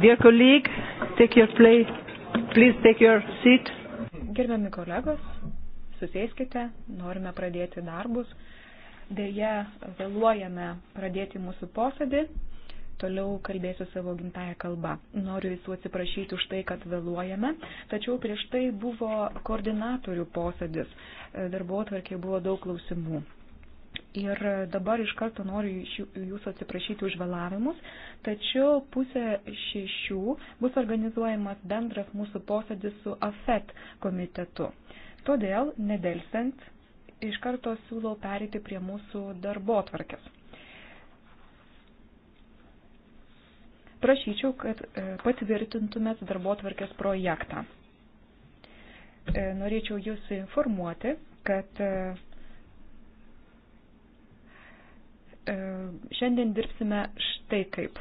Dear colleague, take your place. Please take your seat. Gerbiami kolegos, susėskite, norime pradėti darbus. Deja, vėluojame pradėti mūsų posėdį. Toliau kalbėsiu savo gimtają kalbą. Noriu visų atsiprašyti už tai, kad vėluojame, tačiau prieš tai buvo koordinatorių posėdis. Darbo atvarkė buvo daug klausimų. Ir dabar iš karto noriu jūsų atsiprašyti už vėlavimus, tačiau pusė šešių bus organizuojamas bendras mūsų posėdis su AFET komitetu. Todėl, nedelsant, iš karto siūlau perėti prie mūsų darbo tvarkės. Prašyčiau, kad e, patvirtintumėt darbo tvarkės projektą. E, norėčiau jūs informuoti, kad e, E, šiandien dirbsime štai kaip.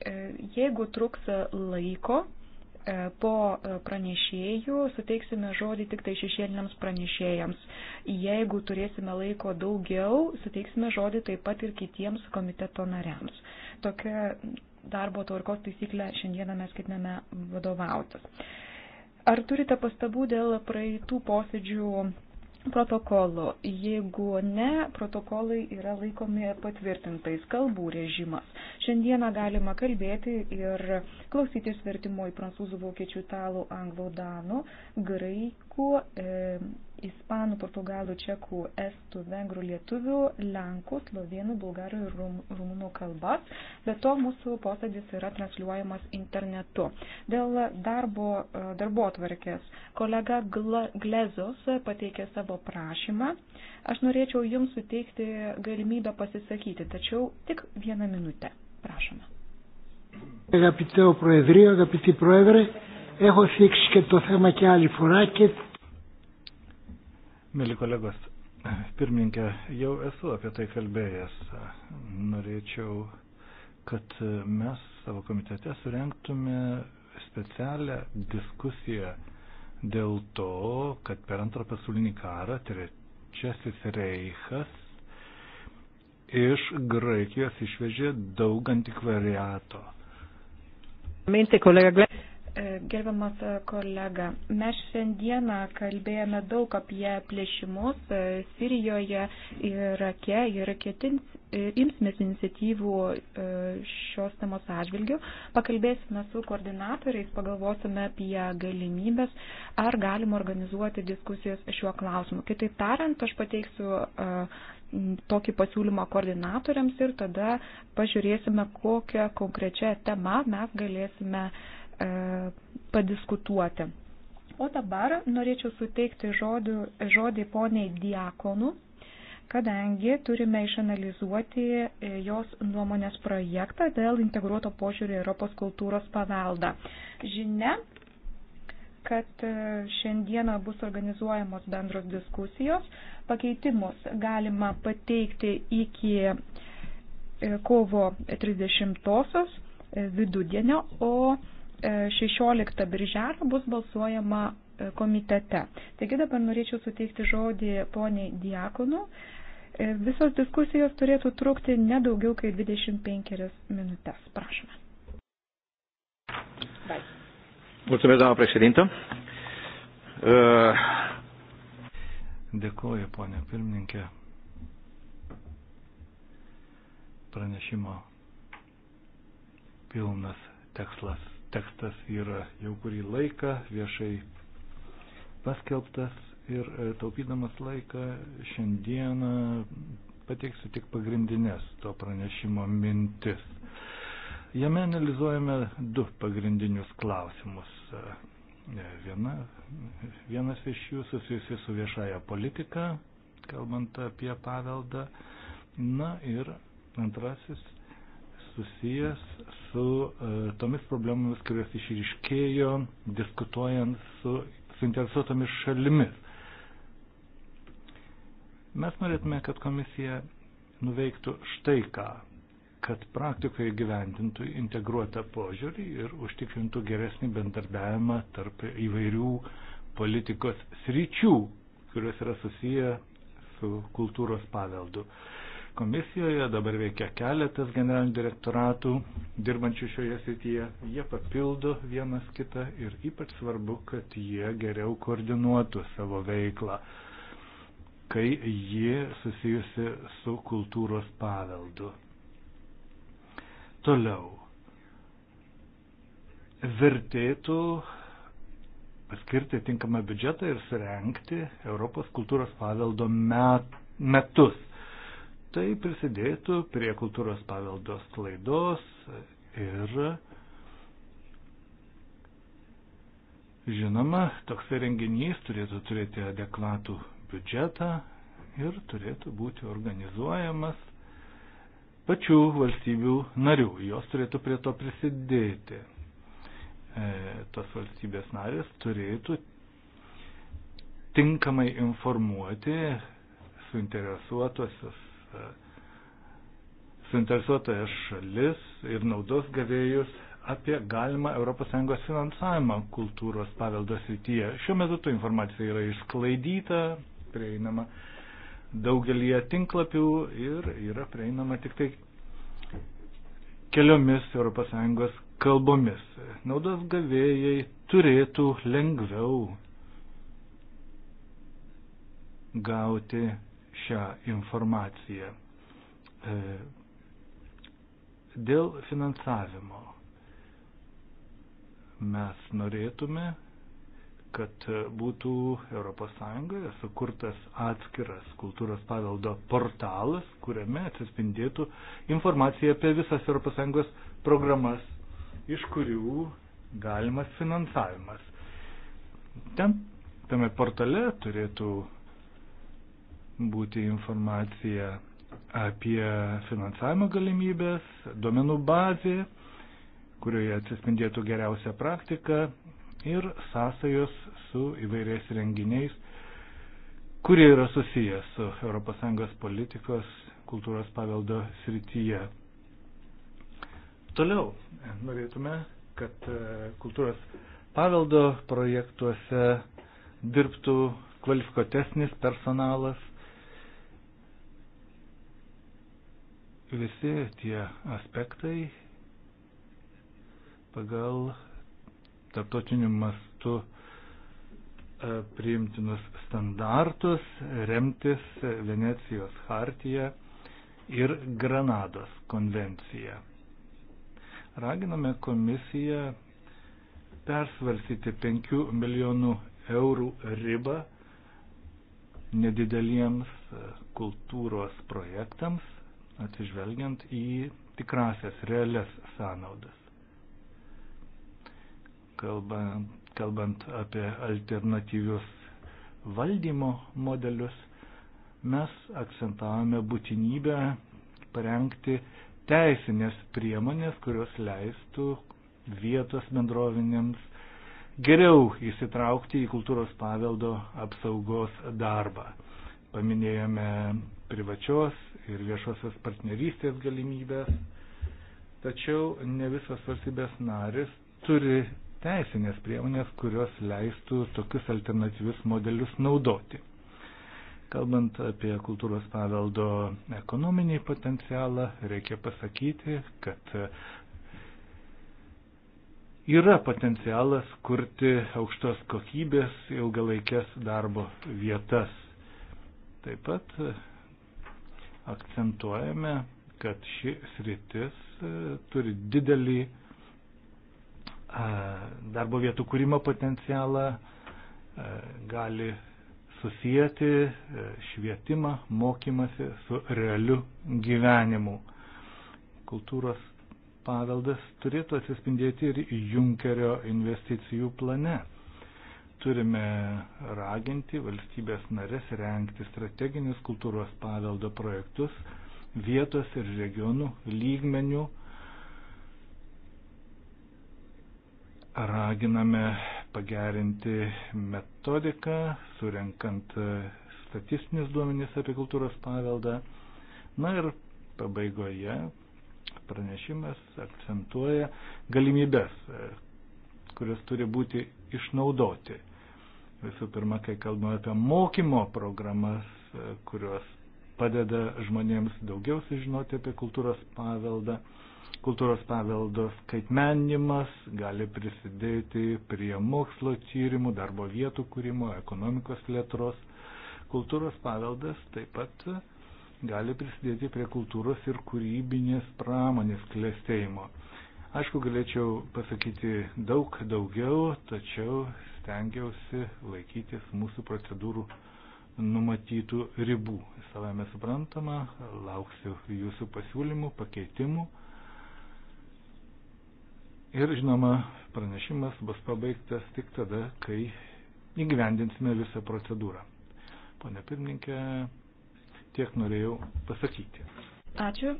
E, jeigu truks laiko, e, po pranešėjų suteiksime žodį tik tai šešėliniams pranešėjams. Jeigu turėsime laiko daugiau, suteiksime žodį taip pat ir kitiems komiteto nariams. Tokia darbo tvarkos taisyklė šiandieną mes ketiname vadovautis. Ar turite pastabų dėl praeitų posėdžių protokolo. Jeigu ne, protokolai yra laikomi patvirtintais kalbų režimas. Šiandieną galima kalbėti ir klausytis vertimo į prancūzų, vokiečių, italų, anglų, danų, graikų. E, ispanų, portugalų, čekų, estų, vengrų, lietuvių, lenkų, slovėnų, bulgarių ir rumunų kalbas. Be to mūsų posėdis yra transliuojamas internetu. Dėl darbo, e, darbo atvarkės kolega Glezos pateikė savo prašymą. Aš norėčiau Jums suteikti galimybę pasisakyti, tačiau tik vieną minutę. Prašome. Αγαπητέ ο Προεδρείο, αγαπητή Πρόεδρε, έχω θίξει και το θέμα και άλλη φορά και Mėly kolegos, pirmininkė, jau esu apie tai kalbėjęs. Norėčiau, kad mes savo komitete surenktume specialią diskusiją dėl to, kad per antrą pasaulinį karą trečiasis reichas iš Graikijos išvežė daug antikvariato. Mente, kolega Glenn. E, gerbiamas kolega, mes šiandieną kalbėjome daug apie plėšimus e, Sirijoje ir Irake ir ketins, e, imsimės iniciatyvų šios temos atžvilgių. Pakalbėsime su koordinatoriais, pagalvosime apie galimybės, ar galima organizuoti diskusijas šiuo klausimu. Kitaip tariant, aš pateiksiu tokį pasiūlymą koordinatoriams ir tada pažiūrėsime, kokią konkrečią temą mes galėsime uh, E, padiskutuoti. O dabar norėčiau suteikti žodį, žodį poniai diakonu, kadangi turime išanalizuoti e, jos nuomonės projektą dėl integruoto požiūrį Europos kultūros paveldą. Žinia, kad e, šiandieną bus organizuojamos bendros diskusijos. Pakeitimus galima pateikti iki kovo 30-osios vidudienio, o 16 e, birželio bus balsuojama e, komitete. Taigi dabar norėčiau suteikti žodį poniai Diakonu. E, visos diskusijos turėtų trukti ne daugiau kaip 25 minutės. Prašome. Mulțumesc, doamna președintă. Dėkuoju, ponė pirmininkė. Pranešimo pilnas tekslas tekstas yra jau kurį laiką viešai paskelbtas ir e, taupydamas laiką šiandieną pateiksiu tik pagrindinės to pranešimo mintis. Jame analizuojame du pagrindinius klausimus. E, e, viena, vienas iš jų susijusi su viešaja politika, kalbant apie paveldą. Na ir antrasis susijęs su e, tomis problemomis, kurios išryškėjo diskutuojant su suinteresuotomis šalimis. Mes norėtume, kad komisija nuveiktų štai ką, kad praktikoje gyventintų integruotą požiūrį ir užtikrintų geresnį bendarbiavimą tarp įvairių politikos sričių, kurios yra susiję su kultūros paveldu. Uh, Komisijoje dabar veikia keletas generalinių direktoratų, dirbančių šioje srityje. Jie papildo vienas kitą ir ypač svarbu, kad jie geriau koordinuotų savo veiklą, kai ji susijusi su kultūros paveldu. Toliau. Vertėtų paskirti tinkamą biudžetą ir surenkti Europos kultūros paveldo metus Tai prisidėtų prie kultūros paveldos klaidos ir žinoma, toks renginys turėtų turėti adekvatų biudžetą ir turėtų būti organizuojamas pačių valstybių narių. Jos turėtų prie to prisidėti. E, tos valstybės narės turėtų tinkamai informuoti suinteresuotosios E, suinteresuotoje šalis ir naudos gavėjus apie galimą ES finansavimą kultūros paveldo srityje. Šiuo metu ta informacija yra išsklaidyta, prieinama daugelį tinklapių ir yra prieinama tik tai keliomis ES kalbomis. Naudos gavėjai turėtų lengviau gauti šią informaciją. E, dėl finansavimo mes norėtume, kad būtų ES sukurtas atskiras kultūros paveldo portalas, kuriame atsispindėtų informacija apie visas ES programas, iš kurių galimas finansavimas. Ten tame portale turėtų būti informacija apie finansavimo galimybės, duomenų bazė, kurioje atsispindėtų geriausia praktika ir sąsajos su įvairiais renginiais, kurie yra susijęs su ES politikos kultūros paveldo srityje. Toliau norėtume, kad e, kultūros paveldo projektuose dirbtų kvalifikuotesnis personalas, visi tie aspektai pagal tarptautiniu mastu e, priimtinus standartus remtis Venecijos hartiją ir Granados konvenciją. Raginame komisiją persvarsyti 5 milijonų eurų ribą nedideliems e, kultūros projektams, atsižvelgiant į tikrasias, realias sąnaudas. Kalbant, kalbant apie alternatyvius valdymo modelius, mes akcentavome būtinybę parengti teisinės priemonės, kurios leistų vietos bendrovinėms geriau įsitraukti į kultūros paveldo apsaugos darbą. Paminėjome privačios ir viešosios partnerystės galimybės, tačiau ne visos valstybės narės turi teisinės priemonės, kurios leistų tokius alternatyvius modelius naudoti. Kalbant apie kultūros paveldo ekonominį potencialą, reikia pasakyti, kad yra potencialas kurti aukštos kokybės ilgalaikės darbo vietas. Taip pat akcentuojame, kad ši sritis e, turi didelį e, darbo vietų kūrimo potencialą, e, gali susijęti švietimą, mokymasi su realiu gyvenimu. Kultūros paveldas turėtų atsispindėti ir Junkerio investicijų plane. Turime raginti valstybės narės renkti strateginius kultūros paveldo projektus vietos ir regionų lygmenių. Raginame pagerinti metodiką, surenkant statistinius duomenys apie kultūros paveldą. Na ir pabaigoje pranešimas akcentuoja galimybės, kurios turi būti išnaudoti. Visų pirma, kai kalbame apie mokymo programas, e, kurios padeda žmonėms daugiau sužinoti apie kultūros paveldą. Kultūros paveldo skaitmenimas gali prisidėti prie mokslo tyrimų, darbo vietų kūrimo, ekonomikos plėtros. Kultūros paveldas taip pat gali prisidėti prie kultūros ir kūrybinės pramonės klėstėjimo. Aišku, galėčiau pasakyti daug daugiau, tačiau stengiausi laikytis mūsų procedūrų numatytų ribų. Savame suprantama, lauksiu jūsų pasiūlymų, pakeitimų. Ir žinoma, pranešimas bus pabaigtas tik tada, kai įgyvendinsime visą procedūrą. Pone pirmininkė, tiek norėjau pasakyti. Ačiū.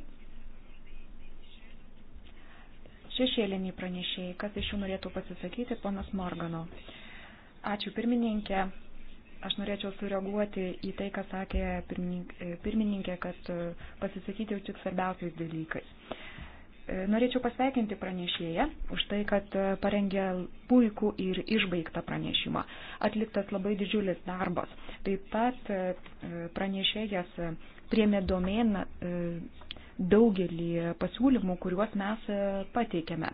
Šešėliniai pranešėjai, kas iš jų norėtų pasisakyti, ponas Morgano. Ačiū pirmininkė. Aš norėčiau sureaguoti į tai, ką sakė pirmininkė, kad e, pasisakyti jau tik svarbiausiais dalykais. E, norėčiau pasveikinti pranešėją už tai, kad e, parengė puikų ir išbaigtą pranešimą. Atliktas labai didžiulis darbas. Taip pat pranešėjas priemė domen daugelį pasiūlymų, kuriuos mes pateikėme.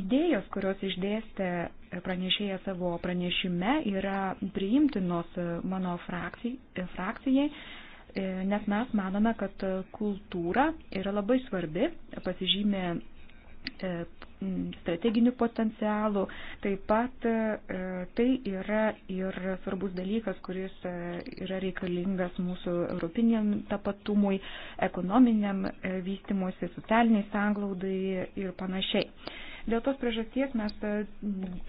Idėjos, kurios išdėstė pranešėja savo pranešime yra priimtinos mano frakcijai, frakcijai, e, nes mes manome, kad kultūra yra labai svarbi, pasižymė e, strateginių potencialų. Taip pat e, tai yra ir svarbus dalykas, kuris yra reikalingas mūsų europiniam tapatumui, ekonominiam vystimuose, socialiniai sanglaudai ir panašiai. Dėl tos priežasties mes e,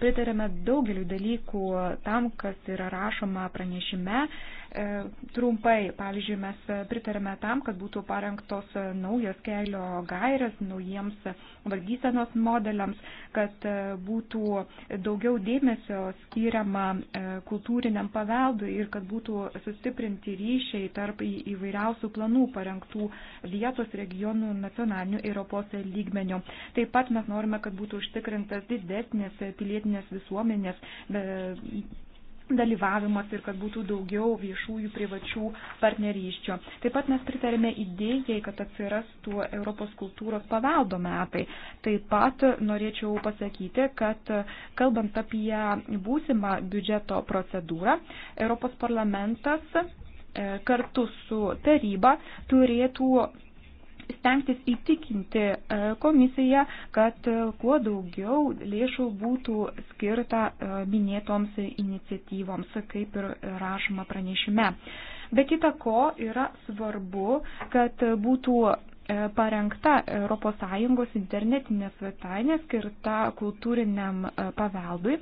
pritarėme daugeliu dalykų tam, kas yra rašoma pranešime, E, trumpai, pavyzdžiui, mes pritarėme tam, kad būtų parengtos naujos kelio gairės naujiems valdysenos modeliams, kad e, būtų daugiau dėmesio skiriama e, kultūriniam paveldui ir kad būtų sustiprinti ryšiai tarp įvairiausių planų parengtų vietos, regionų, nacionalinių ir Europos lygmenių. Taip pat mes norime, kad būtų užtikrintas didesnės pilietinės visuomenės dalyvavimas ir kad būtų daugiau viešųjų privačių partnerysčių. Taip pat mes pritarėme idėjai, kad atsirastų Europos kultūros paveldo metai. Taip pat norėčiau pasakyti, kad kalbant apie būsimą biudžeto procedūrą, Europos parlamentas e, kartu su taryba turėtų stengtis įtikinti e, komisiją, kad e, kuo daugiau lėšų būtų skirta e, minėtoms iniciatyvoms, kaip ir rašoma pranešime. Be kita ko yra svarbu, kad būtų E, parengta ES internetinė svetainė skirta kultūriniam e, paveldui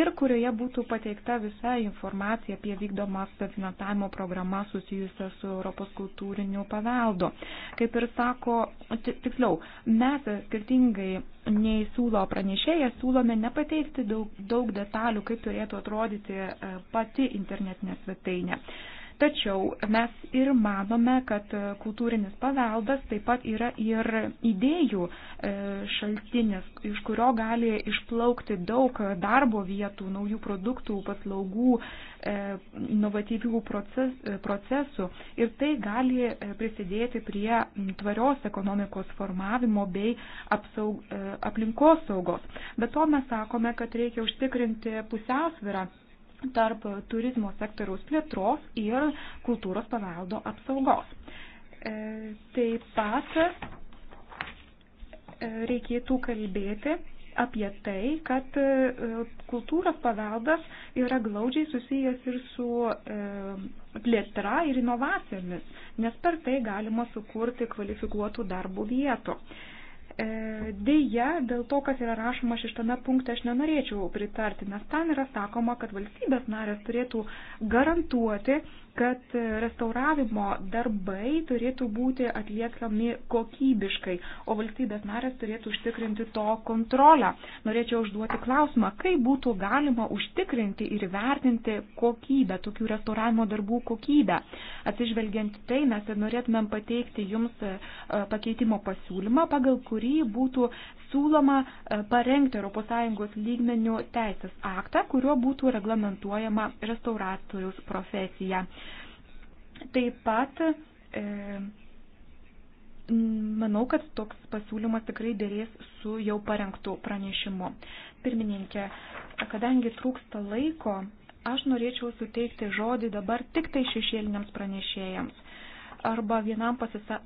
ir kurioje būtų pateikta visa informacija apie vykdomas finansavimo programas susijusias su Europos kultūriniu paveldu. Kaip ir sako, tiksliau, mes skirtingai nei siūlo pranešėjas, siūlome nepateikti daug, daug detalių, kaip turėtų atrodyti e, pati internetinė svetainė. Tačiau mes ir manome, kad kultūrinis paveldas taip pat yra ir idėjų e, šaltinis, iš kurio gali išplaukti daug darbo vietų, naujų produktų, paslaugų, e, inovatyvių proces, procesų ir tai gali e, prisidėti prie tvarios ekonomikos formavimo bei apsaug, aplinkos saugos. Bet to mes sakome, kad reikia užtikrinti pusiausvirą tarp turizmo sektoriaus plėtros ir kultūros paveldo apsaugos. E, taip pat e, reikėtų kalbėti apie tai, kad e, kultūros paveldas yra glaudžiai susijęs ir su plėtra ir inovacijomis, nes per tai galima sukurti kvalifikuotų darbo vietų. E, deja, dėl to, kas yra rašoma šeštame punkte, aš nenorėčiau pritarti, nes ten yra sakoma, kad valstybės narės turėtų garantuoti, kad restauravimo darbai turėtų būti atliekami kokybiškai, o valstybės narės turėtų užtikrinti to kontrolę. Norėčiau užduoti klausimą, kaip būtų galima užtikrinti ir vertinti kokybę, tokių restauravimo darbų kokybę. Atsižvelgiant tai, mes norėtumėm pateikti jums e, pakeitimo pasiūlymą, pagal kurį būtų siūloma e, parengti ES lygmenių teisės aktą, kuriuo būtų reglamentuojama restauratoriaus profesija. Taip pat e, manau, kad toks pasiūlymas tikrai dėrės su jau parengtu pranešimu. Pirmininkė, kadangi trūksta laiko, aš norėčiau suteikti žodį dabar tik tai šešėliniams pranešėjams arba vienam pasisa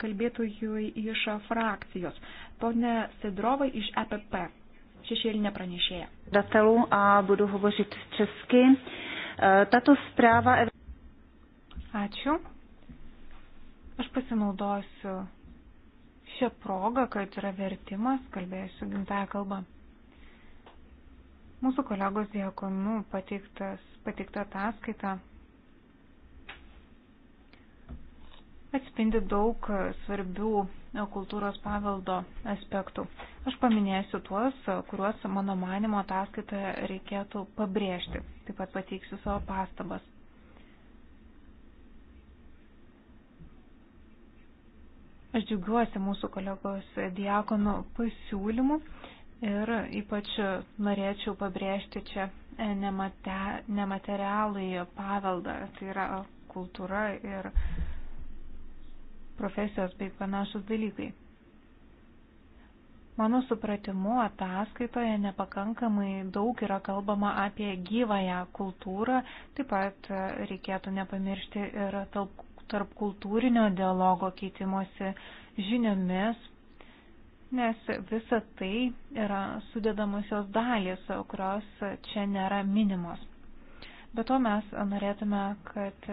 kalbėtojų iš frakcijos. Pone Sidrovai iš EPP, šešėlinė pranešėja. Datelų, a, budu hovořit česky. E, tato sprava. Ačiū. Aš pasinaudosiu šią progą, kad yra vertimas, kalbėsiu gimtąją kalbą. Mūsų kolegos Diekonų pateikta ataskaita atspindi daug svarbių kultūros paveldo aspektų. Aš paminėsiu tuos, kuriuos mano manimo ataskaitoje reikėtų pabrėžti. Taip pat pateiksiu savo pastabas. Aš džiaugiuosi mūsų kolegos diakonų pasiūlymų ir ypač norėčiau pabrėžti čia nemate, nematerialai paveldą, tai yra kultūra ir profesijos bei panašus dalykai. Mano supratimu, ataskaitoje nepakankamai daug yra kalbama apie gyvąją kultūrą, taip pat reikėtų nepamiršti ir tarp kultūrinio dialogo keitimosi žiniomis, nes visa tai yra sudėdamosios dalys, kurios čia nėra minimos. Be to mes norėtume, kad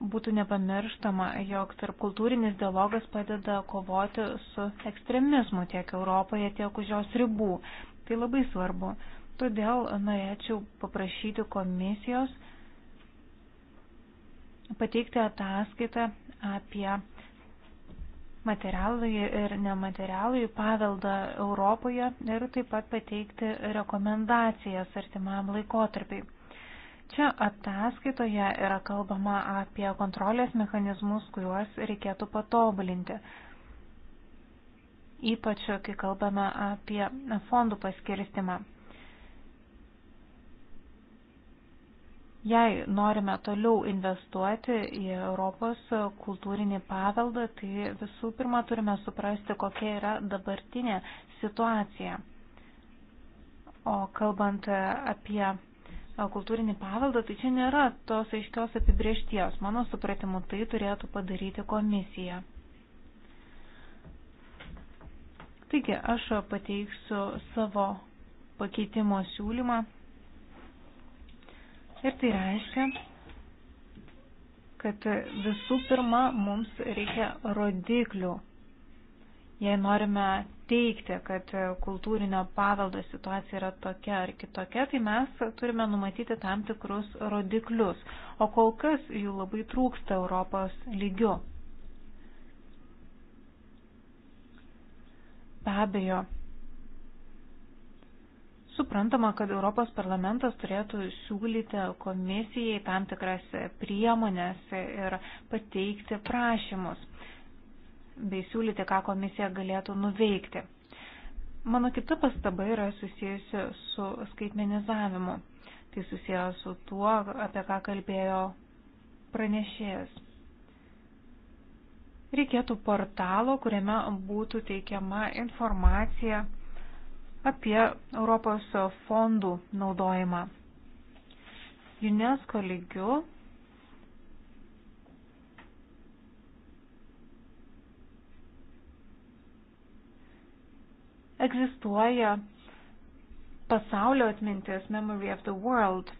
būtų nepamirštama, jog tarpkultūrinis dialogas padeda kovoti su ekstremizmu tiek Europoje, tiek už jos ribų. Tai labai svarbu. Todėl norėčiau paprašyti komisijos pateikti ataskaitą apie materialų ir nematerialų paveldą Europoje ir taip pat pateikti rekomendacijas artimam laikotarpiai. Čia ataskaitoje yra kalbama apie kontrolės mechanizmus, kuriuos reikėtų patobulinti. Ypač, kai kalbame apie fondų paskirstimą. Jei norime toliau investuoti į Europos kultūrinį paveldą, tai visų pirma turime suprasti, kokia yra dabartinė situacija. O kalbant apie kultūrinį paveldą, tai čia nėra tos aiškios apibriešties. Mano supratimu, tai turėtų padaryti komisija. Taigi, aš pateiksiu savo pakeitimo siūlymą. Ir tai reiškia, kad visų pirma mums reikia rodiklių Jei norime teikti, kad kultūrinio paveldo situacija yra tokia ar kitokia, tai mes turime numatyti tam tikrus rodiklius, o kol kas jų labai trūksta Europos lygiu. Be abejo, suprantama, kad Europos parlamentas turėtų siūlyti komisijai tam tikras priemonės ir pateikti prašymus bei siūlyti, ką komisija galėtų nuveikti. Mano kita pastaba yra susijusi su skaitmenizavimu. Tai susijęs su tuo, apie ką kalbėjo pranešėjas. Reikėtų portalo, kuriame būtų teikiama informacija apie Europos fondų naudojimą. UNESCO lygiu egzistuoja pasaulio atmintis, Memory of the World,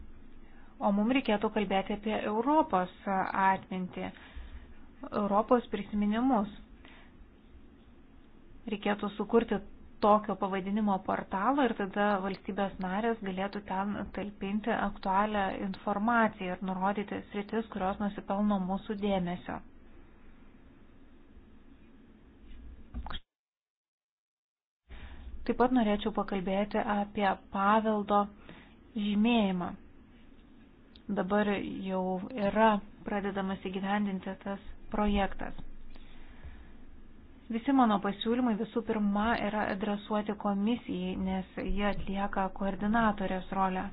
o mums reikėtų kalbėti apie Europos atmintį, Europos prisiminimus. Reikėtų sukurti tokio pavadinimo portalą ir tada valstybės narės galėtų ten talpinti aktualią informaciją ir nurodyti sritis, kurios nusipelno mūsų dėmesio. Taip pat norėčiau pakalbėti apie paveldo žymėjimą. Dabar jau yra pradedamas įgyvendinti tas projektas. Visi mano pasiūlymai visų pirma yra adresuoti komisijai, nes jie atlieka koordinatorės rolę.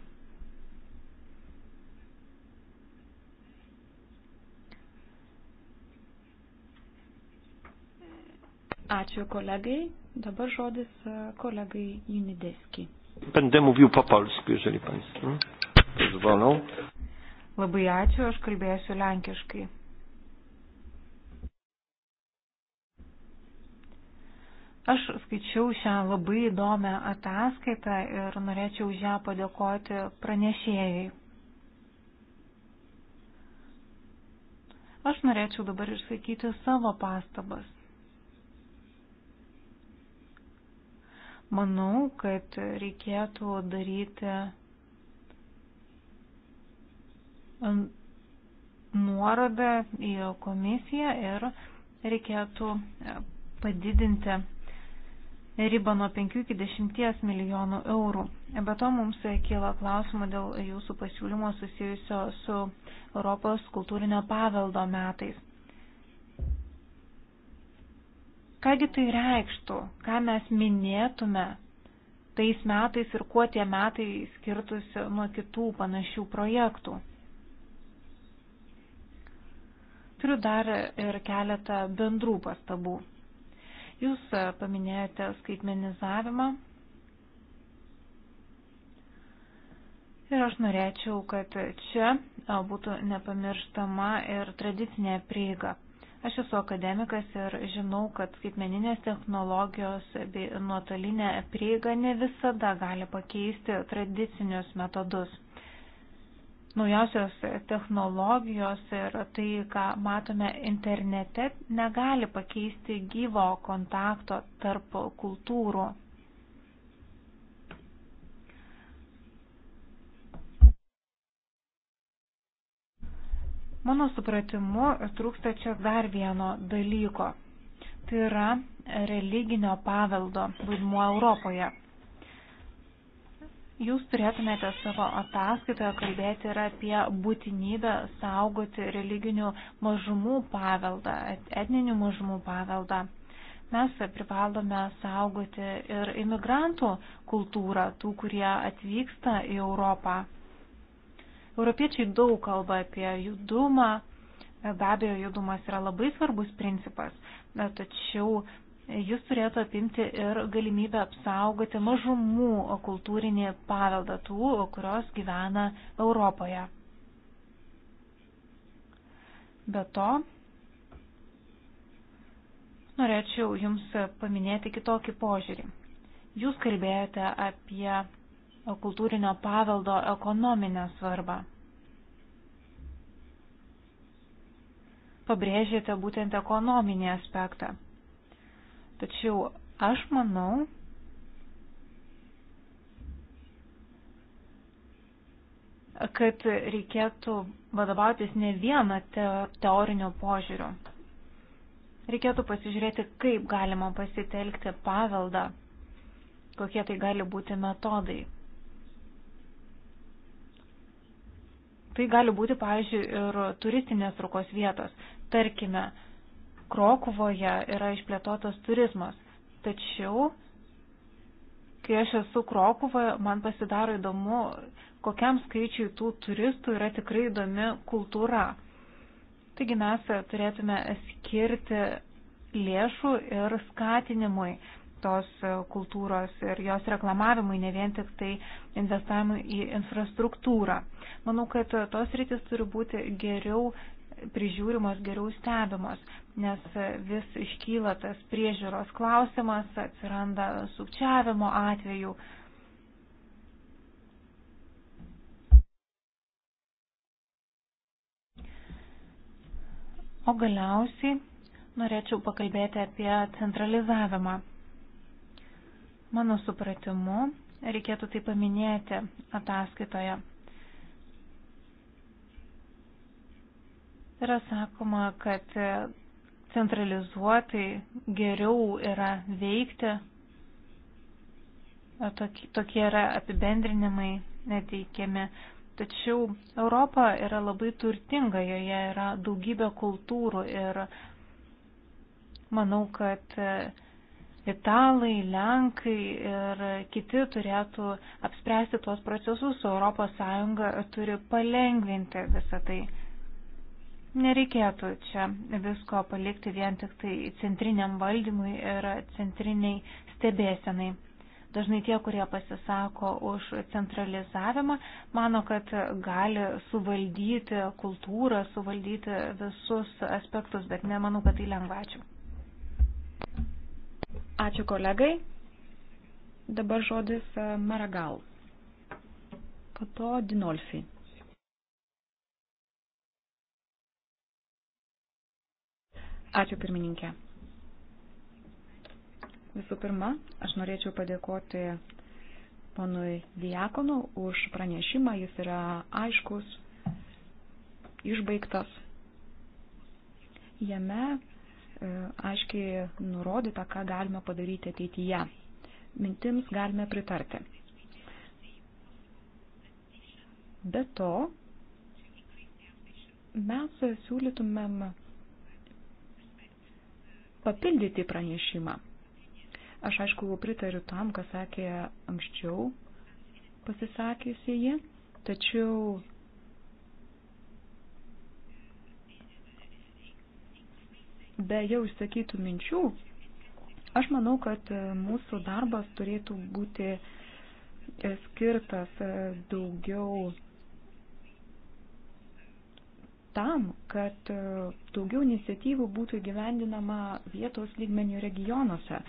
Ačiū kolegai. Dabar žodis e, kolegai Junideski. Będę mówił po polsku, jeżeli Państwo pozwolą. Labai ačiū, aš kalbėsiu lenkiškai. Aš skaičiau šią labai įdomią ataskaitą ir norėčiau už ją padėkoti pranešėjai. Aš norėčiau dabar išsakyti savo pastabas. Manau, kad reikėtų daryti nuorodą į komisiją ir reikėtų e, padidinti ribą nuo 5 iki 10 milijonų eurų. Be to mums kyla klausimų dėl jūsų pasiūlymo susijusio su Europos kultūrinio paveldo metais. Kągi tai reikštų, ką mes minėtume tais metais ir kuo tie metai skirtusi nuo kitų panašių projektų. Turiu dar ir keletą bendrų pastabų. Jūs paminėjote skaitmenizavimą. Ir aš norėčiau, kad čia būtų nepamirštama ir tradicinė prieiga. Aš esu akademikas ir žinau, kad skaitmeninės technologijos bei nuotolinė prieiga ne visada gali pakeisti tradicinius metodus. Naujosios technologijos ir tai, ką matome internete, negali pakeisti gyvo kontakto tarp kultūrų. Mano supratimu, trūksta čia dar vieno dalyko. Tai yra religinio paveldo vaidmuo Europoje. Jūs turėtumėte savo ataskaitoje kalbėti ir apie būtinybę saugoti religinių mažumų paveldą, etninių mažumų paveldą. Mes privalome saugoti ir imigrantų kultūrą, tų, kurie atvyksta į Europą. Europiečiai daug kalba apie judumą, be abejo, judumas yra labai svarbus principas, tačiau jis turėtų apimti ir galimybę apsaugoti mažumų kultūrinį paveldą tų, kurios gyvena Europoje. Be to, norėčiau Jums paminėti kitokį požiūrį. Jūs kalbėjote apie kultūrinio paveldo ekonominę svarbą. Pabrėžėte būtent ekonominį aspektą. Tačiau aš manau, kad reikėtų vadovautis ne vieną teorinių požiūrių. Reikėtų pasižiūrėti, kaip galima pasitelkti paveldą, kokie tai gali būti metodai. Tai gali būti, pavyzdžiui, ir turistinės traukos vietos. Tarkime, Krokuvoje yra išplėtotas turizmas, tačiau kai aš esu Krokuvoje, man pasidaro įdomu, kokiam skaičiui tų turistų yra tikrai įdomi kultūra. Taigi mes turėtume skirti lėšų ir skatinimui tos e, kultūros ir jos reklamavimui, ne vien tik tai investavimui į infrastruktūrą. Manau, kad tos rytis turi būti geriau prižiūrimos, geriau stebimos, nes vis iškyla tas priežiūros klausimas, atsiranda sukčiavimo atveju. O galiausiai norėčiau pakalbėti apie centralizavimą. Mano supratimu, reikėtų tai paminėti ataskaitoje. Yra sakoma, kad centralizuotai geriau yra veikti. Tokie yra apibendrinimai neteikiami. Tačiau Europa yra labai turtinga, joje yra daugybė kultūrų ir manau, kad italai, lenkai ir kiti turėtų apspręsti tuos procesus, o ES turi palengvinti visą tai. Nereikėtų čia visko palikti vien tik tai centriniam valdymui ir centriniai stebėsenai. Dažnai tie, kurie pasisako už centralizavimą, mano, kad gali suvaldyti kultūrą, suvaldyti visus aspektus, bet nemanau, kad tai lengvačiau. Ačiū kolegai. Dabar žodis e, Maragal. Po to Dinolfi. Ačiū pirmininkė. Visų pirma, aš norėčiau padėkoti ponui Diakonu už pranešimą. Jis yra aiškus, išbaigtas. Jame E, aiškiai nurodyta, ką galime padaryti ateityje. Mintims galime pritarti. Be to, mes siūlytumėm papildyti pranešimą. Aš aišku pritariu tam, ką sakė anksčiau pasisakysi jį, tačiau be jau išsakytų minčių, aš manau, kad e, mūsų darbas turėtų būti e, skirtas e, daugiau tam, kad daugiau iniciatyvų būtų gyvendinama vietos lygmenių regionuose.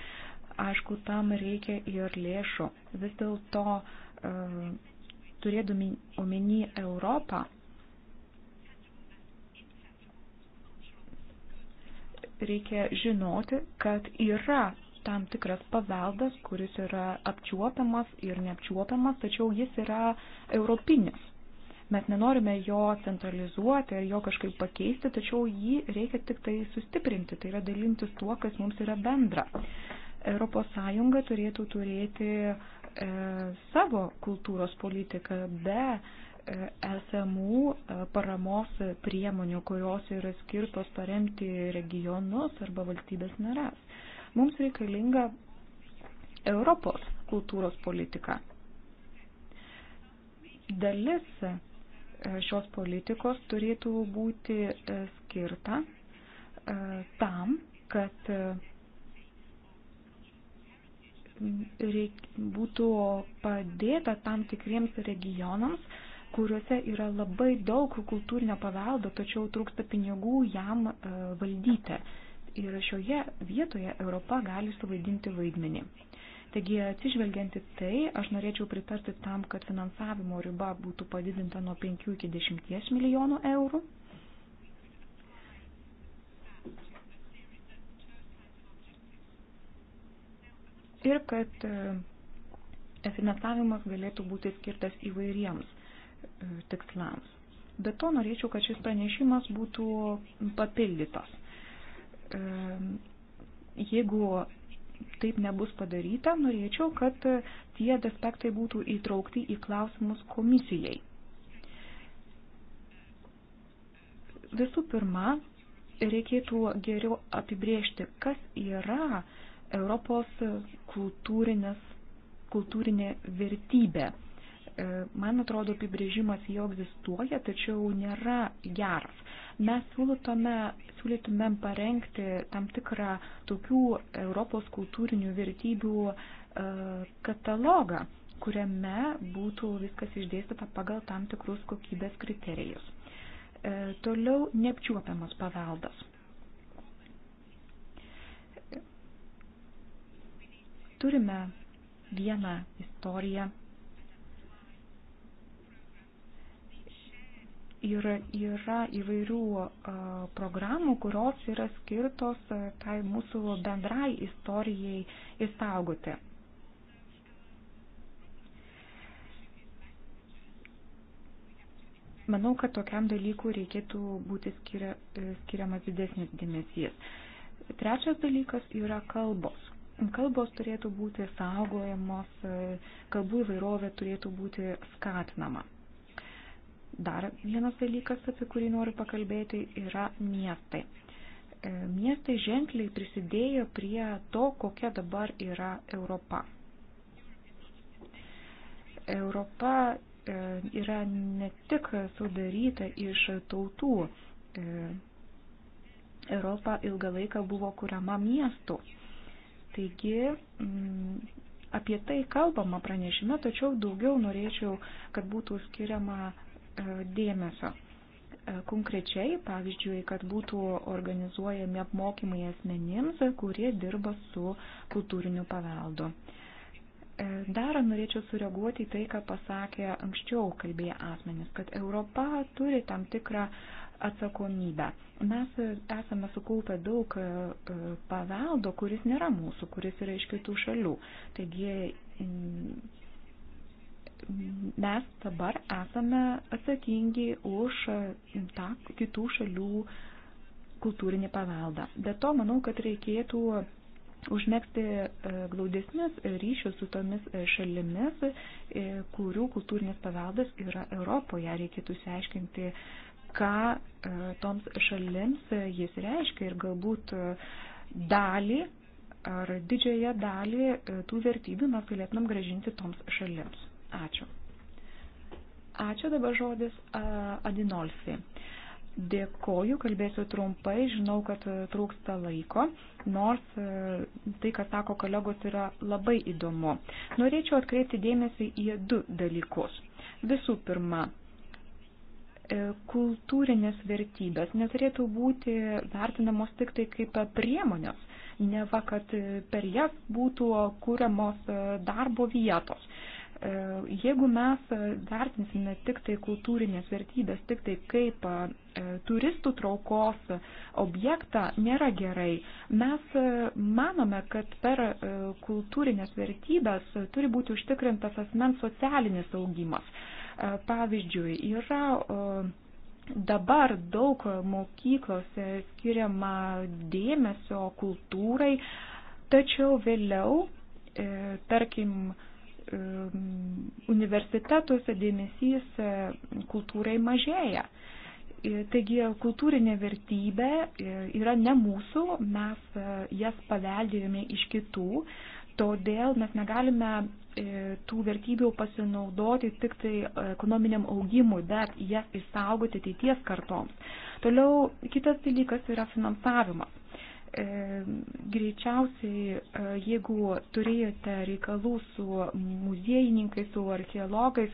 Aišku, tam reikia ir lėšų. Vis dėlto, turėdami omeny Europą, reikia žinoti, kad yra tam tikras paveldas, kuris yra apčiuopiamas ir neapčiuopiamas, tačiau jis yra europinis. Mes nenorime jo centralizuoti ar jo kažkaip pakeisti, tačiau jį reikia tik tai sustiprinti, tai yra dalintis tuo, kas mums yra bendra. ES turėtų turėti e, savo kultūros politiką be e, esamų e, paramos priemonių, kurios yra skirtos paremti regionus arba valstybės naras. Mums reikalinga Europos kultūros politika. Dalis e, šios politikos turėtų būti e, skirta tam, kad reik, būtų padėta tam tikriems regionams kuriuose yra labai daug kultūrinio paveldo, tačiau trūksta pinigų jam e, valdyti. Ir šioje vietoje Europa gali suvaidinti vaidmenį. Taigi, atsižvelgianti tai, aš norėčiau pritarti tam, kad finansavimo riba būtų padidinta nuo 5 iki 10 milijonų eurų. Ir kad e, finansavimas galėtų būti skirtas įvairiems E, tikslams. Be to norėčiau, kad šis pranešimas būtų papildytas. E, jeigu taip nebus padaryta, norėčiau, kad tie aspektai būtų įtraukti į klausimus komisijai. Visų pirma, reikėtų geriau apibriežti, kas yra Europos kultūrinė vertybė E, man atrodo, apibrėžimas jau egzistuoja, tačiau nėra geras. Mes siūlytume, siūlytumėm parengti tam tikrą tokių Europos kultūrinių vertybių e, katalogą, kuriame būtų viskas išdėstyta pagal tam tikrus kokybės kriterijus. E, toliau neapčiuopiamas paveldas. Turime vieną istoriją Ir yra įvairių programų, kurios yra skirtos tai mūsų bendrai istorijai įsaugoti. Manau, kad tokiam dalykui reikėtų būti skiria, e, skiriamas didesnis dėmesys. Trečias dalykas yra kalbos. Kalbos turėtų būti saugojamos, e, kalbų įvairovė turėtų būti skatinama. Dar vienas dalykas, apie kurį noriu pakalbėti, yra miestai. E, miestai ženkliai prisidėjo prie to, kokia dabar yra Europa. Europa e, yra ne tik sudaryta iš tautų. E, Europa ilgą laiką buvo kuriama miestų. Taigi mm, apie tai kalbama pranešime, tačiau daugiau norėčiau, kad būtų skiriama dėmesio. E, konkrečiai, pavyzdžiui, kad būtų organizuojami apmokymai asmenims, kurie dirba su kultūriniu paveldu. E, dar norėčiau sureaguoti į tai, ką pasakė anksčiau kalbėję asmenys, kad Europa turi tam tikrą atsakomybę. Mes esame sukaupę daug e, paveldo, kuris nėra mūsų, kuris yra iš kitų šalių. Taigi mes dabar esame atsakingi už e, tą kitų šalių kultūrinį paveldą. Be to, manau, kad reikėtų užmėgsti e, glaudesnius ryšius su tomis e, šalimis, kurių kultūrinis paveldas yra Europoje. Reikėtų išsiaiškinti, ką toms šalims jis reiškia ir galbūt dalį ar didžiąją dalį tų vertybių mes galėtumėm gražinti toms šalims. Ačiū. Ačiū dabar žodis Adinolfi. Dėkoju, kalbėsiu trumpai, žinau, kad e, trūksta laiko, nors e, tai, ką sako kolegos, yra labai įdomu. Norėčiau atkreipti dėmesį į du dalykus. Visų pirma, e, kultūrinės vertybės neturėtų būti vertinamos tik tai kaip priemonės, ne va, kad per jas būtų kūriamos darbo vietos. E, jeigu mes e, vertinsime tik tai kultūrinės vertybės, tik tai kaip e, turistų traukos objektą, nėra gerai. Mes manome, kad per kultūrinės vertybės turi būti užtikrintas asmens socialinis augimas. Pavyzdžiui, yra dabar daug mokyklose skiriama dėmesio kultūrai, tačiau vėliau, tarkim, Um, universitetuose dėmesys e, kultūrai mažėja. E, taigi kultūrinė vertybė e, yra ne mūsų, mes jas paveldėjome iš kitų, todėl mes negalime tų vertybių pasinaudoti tik tai ekonominiam augimui, bet jas išsaugoti ateities kartoms. Toliau kitas dalykas yra finansavimas. E, greičiausiai, e, jeigu turėjote reikalų su muziejininkais, su archeologais,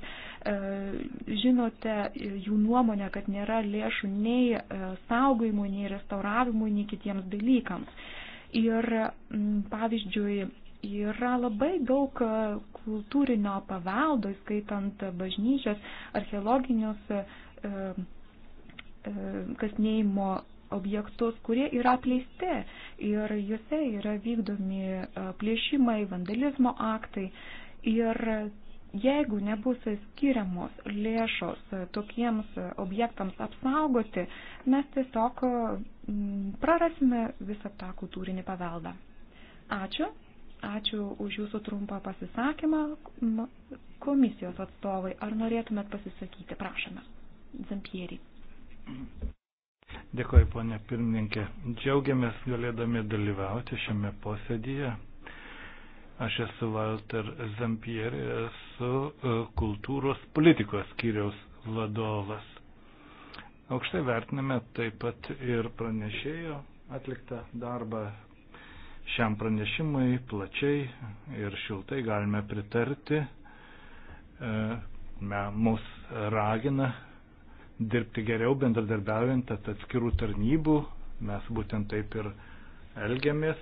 e, žinote jų nuomonę, kad nėra lėšų nei saugojimui, nei restauravimui, nei kitiems dalykams. Ir pavyzdžiui, yra labai daug kultūrinio paveldo, skaitant bažnyčios archeologinius kasnėjimo objektus, kurie yra apleisti ir juose yra vykdomi e, plėšimai, vandalizmo aktai. Ir jeigu nebus skiriamos lėšos e, tokiems objektams apsaugoti, mes tiesiog e, prarasime visą tą kultūrinį paveldą. Ačiū. Ačiū už jūsų trumpą pasisakymą. Komisijos atstovai, ar norėtumėt pasisakyti? Prašome. Zampieri. Dėkuoju, ponė pirmininkė. Džiaugiamės galėdami dalyvauti šiame posėdyje. Aš esu Walter Zampieri, esu e, kultūros politikos skyriaus vadovas. Aukštai vertiname taip pat ir pranešėjo atliktą darbą šiam pranešimui plačiai ir šiltai galime pritarti. E, Mes mus ragina dirbti geriau bendradarbiaujant tarp atskirų tarnybų. Mes būtent taip ir elgiamės.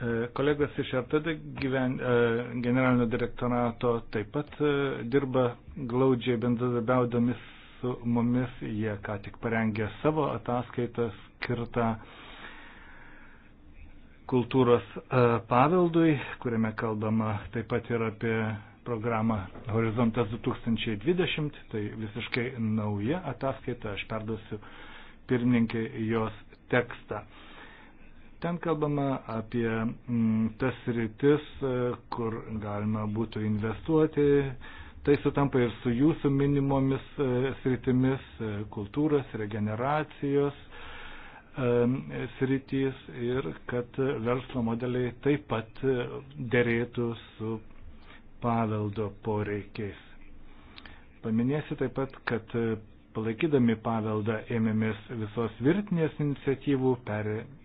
E, Kolegas iš RTD gyven, e, generalinio direktorato taip pat e, dirba glaudžiai bendradarbiaudami su mumis. Jie ką tik parengė savo ataskaitą skirtą kultūros paveldui, kuriame kalbama taip pat ir apie programą Horizontas 2020, tai visiškai nauja ataskaita, aš perduosiu pirmininkė jos tekstą. Ten kalbama apie mm, tas rytis, e, kur galima būtų investuoti. Tai sutampa ir su jūsų minimomis e, sritimis e, - kultūros, regeneracijos sritys ir kad verslo modeliai taip pat dėrėtų su paveldo poreikiais. Paminėsiu taip pat, kad palaikydami paveldą ėmėmės visos virtinės iniciatyvų, per,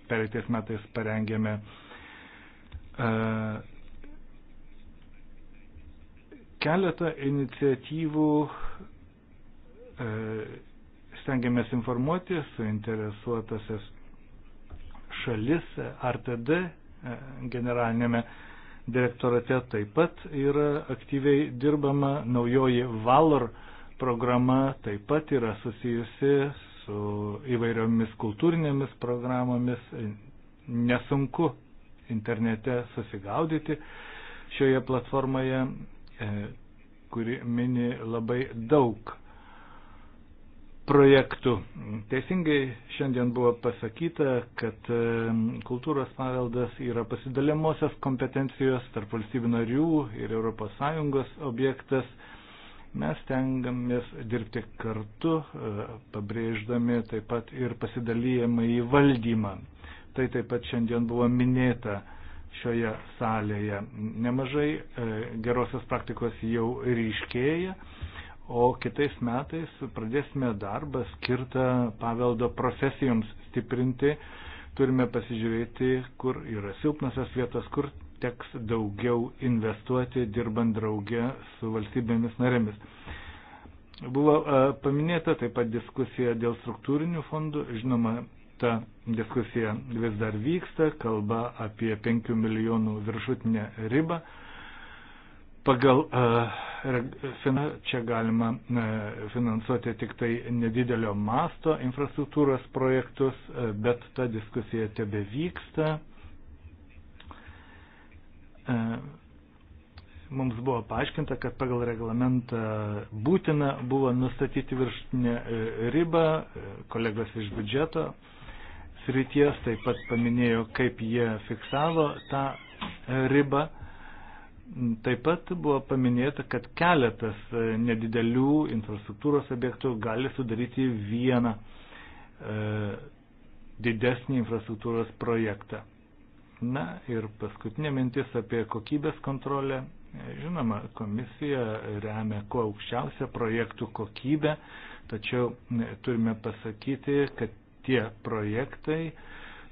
pereitais metais parengėme uh, keletą iniciatyvų, uh, stengiamės informuoti suinteresuotasias šalis RTD e, generalinėme uh, direktorate taip pat yra aktyviai dirbama, naujoji Valor programa taip pat yra susijusi su įvairiomis kultūrinėmis programomis, nesunku internete susigaudyti šioje platformoje, e, kuri mini labai daug projektų. Teisingai šiandien buvo pasakyta, kad e, kultūros paveldas yra pasidaliamosios kompetencijos tarp valstybių narių ir ES objektas. Mes tengiamės dirbti kartu, e, pabrėždami taip pat ir pasidalyjimą į valdymą. Tai taip pat šiandien buvo minėta šioje salėje. Nemažai e, gerosios praktikos jau ryškėja o kitais metais pradėsime darbą skirtą paveldo profesijoms stiprinti. Turime pasižiūrėti, kur yra silpnasios vietos, kur teks daugiau investuoti, dirbant draugę su valstybėmis narėmis. Buvo e, paminėta taip pat diskusija dėl struktūrinių fondų. Žinoma, ta diskusija vis dar vyksta, kalba apie 5 milijonų viršutinę ribą. Pagal e, finą čia galima e, finansuoti tik tai nedidelio masto infrastruktūros projektus, e, bet ta diskusija tebe vyksta. Mums buvo paaiškinta, kad pagal reglamentą būtina buvo nustatyti viršutinę ribą, kolegos iš biudžeto srities taip pat paminėjo, kaip jie fiksavo tą ribą. Taip pat buvo paminėta, kad keletas e, nedidelių infrastruktūros objektų gali sudaryti vieną e, didesnį infrastruktūros projektą. Na ir paskutinė mintis apie kokybės kontrolę. E, žinoma, komisija remia kuo aukščiausią projektų kokybę, tačiau e, turime pasakyti, kad tie projektai e,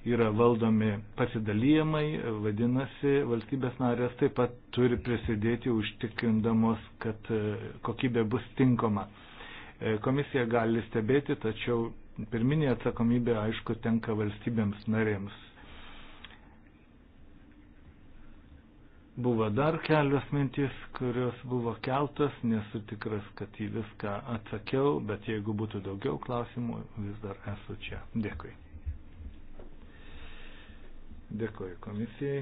yra valdomi pasidalyjamai, vadinasi, valstybės narės taip pat turi prisidėti užtikrindamos, kad e, kokybė bus tinkama. E, komisija gali stebėti, tačiau pirminė atsakomybė, aišku, tenka valstybėms narėms. Buvo dar kelios mintis, kurios buvo keltos, nesu tikras, kad į viską atsakiau, bet jeigu būtų daugiau klausimų, vis dar esu čia. Dėkui. Dėkoju komisijai.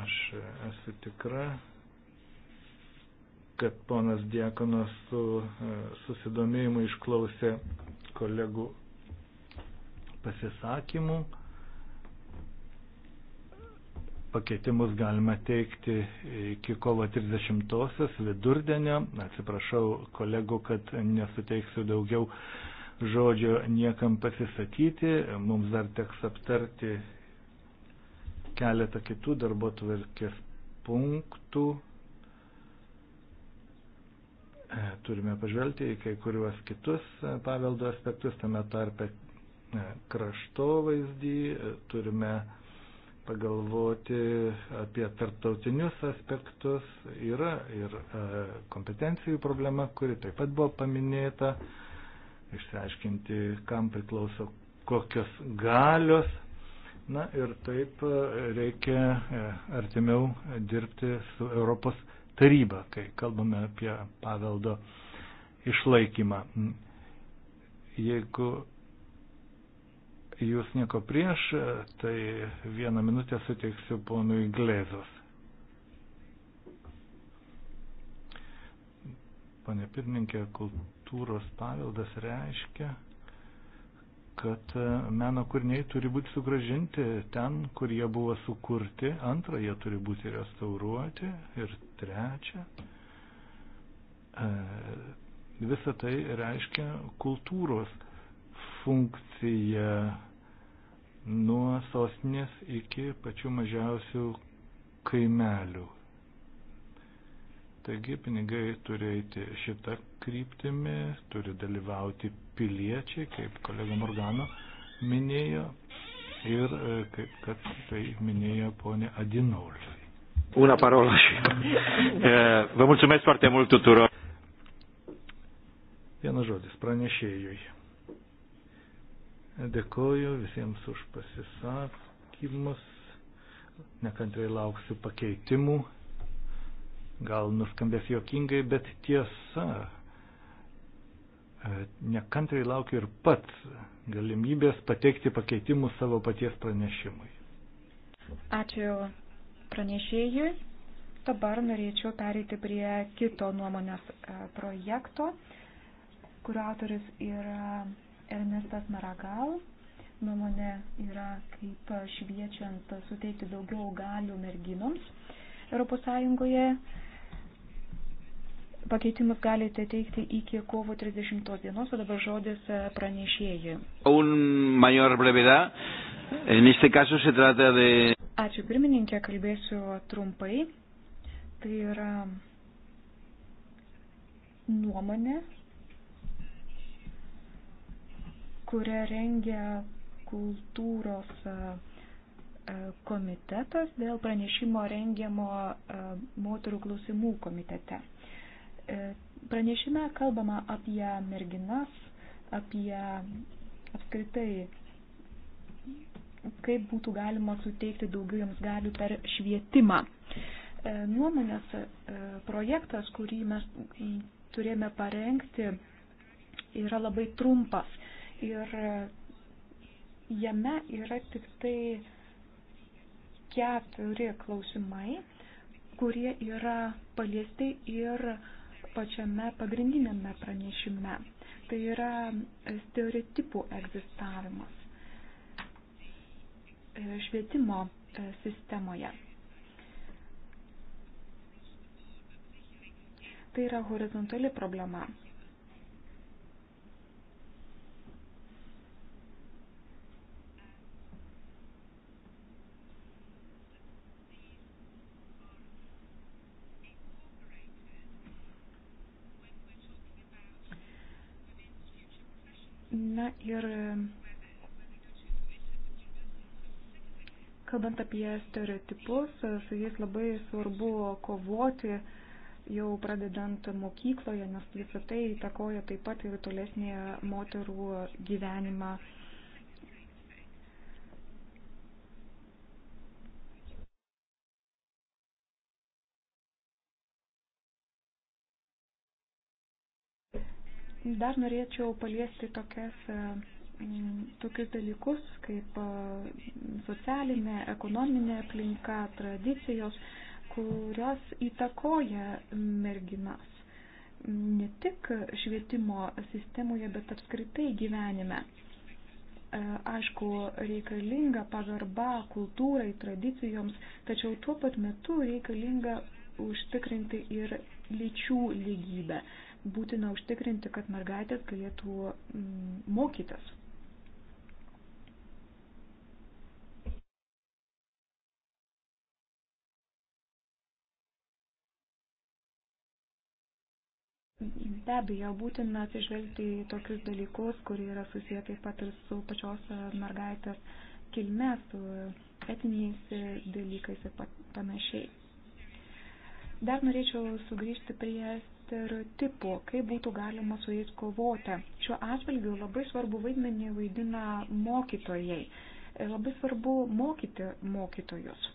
Aš e, esu tikra, kad ponas Diekonas su e, susidomėjimu išklausė kolegų pasisakymų. Pakeitimus galima teikti iki kovo 30-osios vidurdienio. Atsiprašau kolegų, kad nesuteiksiu daugiau žodžio niekam pasisakyti. Mums dar teks aptarti keletą kitų darbo tvarkės punktų. E, turime pažvelgti į kai kuriuos kitus e, paveldo aspektus, tame tarpe e, kraštovaizdį, turime pagalvoti apie tarptautinius aspektus. Yra ir kompetencijų problema, kuri taip pat buvo paminėta išsiaiškinti, kam priklauso kokios galios. Na ir taip e, reikia e, artimiau dirbti su Europos taryba, kai kalbame apie paveldo išlaikymą. Jeigu jūs nieko prieš, e, tai vieną minutę suteiksiu ponui Glezos. Pane pirmininkė, kultūra kultūros paveldas reiškia, kad e, meno kūriniai turi būti sugražinti ten, kur jie buvo sukurti, antra, jie turi būti restauruoti ir trečia, e, visa tai reiškia kultūros funkcija nuo sostinės iki pačių mažiausių kaimelių. Taigi pinigai turi eiti šitą kryptimį, turi dalyvauti piliečiai, kaip kolega Morgano minėjo ir e, kaip kad tai minėjo ponė Adinolfi. Una parola și. E, Vă mulțumesc foarte mult tuturor. Vienas žodis pranešėjui. Dėkoju visiems už pasisakymus. Nekantrai lauksiu pakeitimų Gal nuskambės jokingai, bet tiesa, e, nekantrai laukiu ir pats galimybės pateikti pakeitimus savo paties pranešimui. Ačiū pranešėjui. Dabar norėčiau pereiti prie kito nuomonės e, projekto, kurio autoris yra Ernestas Maragal. Nuomonė yra kaip šviečiant suteikti daugiau galių merginoms ES Pakeitimus galite teikti iki kovo 30 dienos, o dabar žodis e, pranešėjai. De... Ačiū pirmininkė, kalbėsiu trumpai. Tai yra nuomonė, kurią rengia kultūros e, e, komitetas dėl pranešimo rengiamo moterų klausimų komitete. Pranešime kalbama apie merginas, apie apskritai, kaip būtų galima suteikti daugiau joms galių per švietimą. E, nuomonės e, projektas, kurį mes turėjome parengti, yra labai trumpas ir e, jame yra tik tai keturi klausimai, kurie yra paliesti ir uh, pačiame pagrindinėme pranešime. Tai yra stereotipų egzistavimas e, švietimo e, sistemoje. Tai yra horizontali problema. Na ir kalbant apie stereotipus, su jais labai svarbu kovoti jau pradedant mokykloje, nes visą tai įtakoja taip pat ir tolesnį moterų gyvenimą Dar norėčiau paliesti tokias, e, tokius dalykus kaip e, socialinė, ekonominė aplinka, tradicijos, kurios įtakoja merginas. Ne tik švietimo sistemoje, bet apskritai gyvenime. E, aišku, reikalinga pagarba kultūrai, tradicijoms, tačiau tuo pat metu reikalinga užtikrinti ir lyčių lygybę būtina užtikrinti, kad mergaitės galėtų mm, mokytis. Be abejo, būtina atsižvelgti į tokius dalykus, kurie yra susiję taip pat ir su pačios e, mergaitės kilme, su etiniais e, dalykais ir panašiai. Dar norėčiau sugrįžti prie stereotipų, kaip būtų galima su jais kovoti. Šiuo atžvilgiu labai svarbu vaidmenį vaidina mokytojai. Labai svarbu mokyti mokytojus.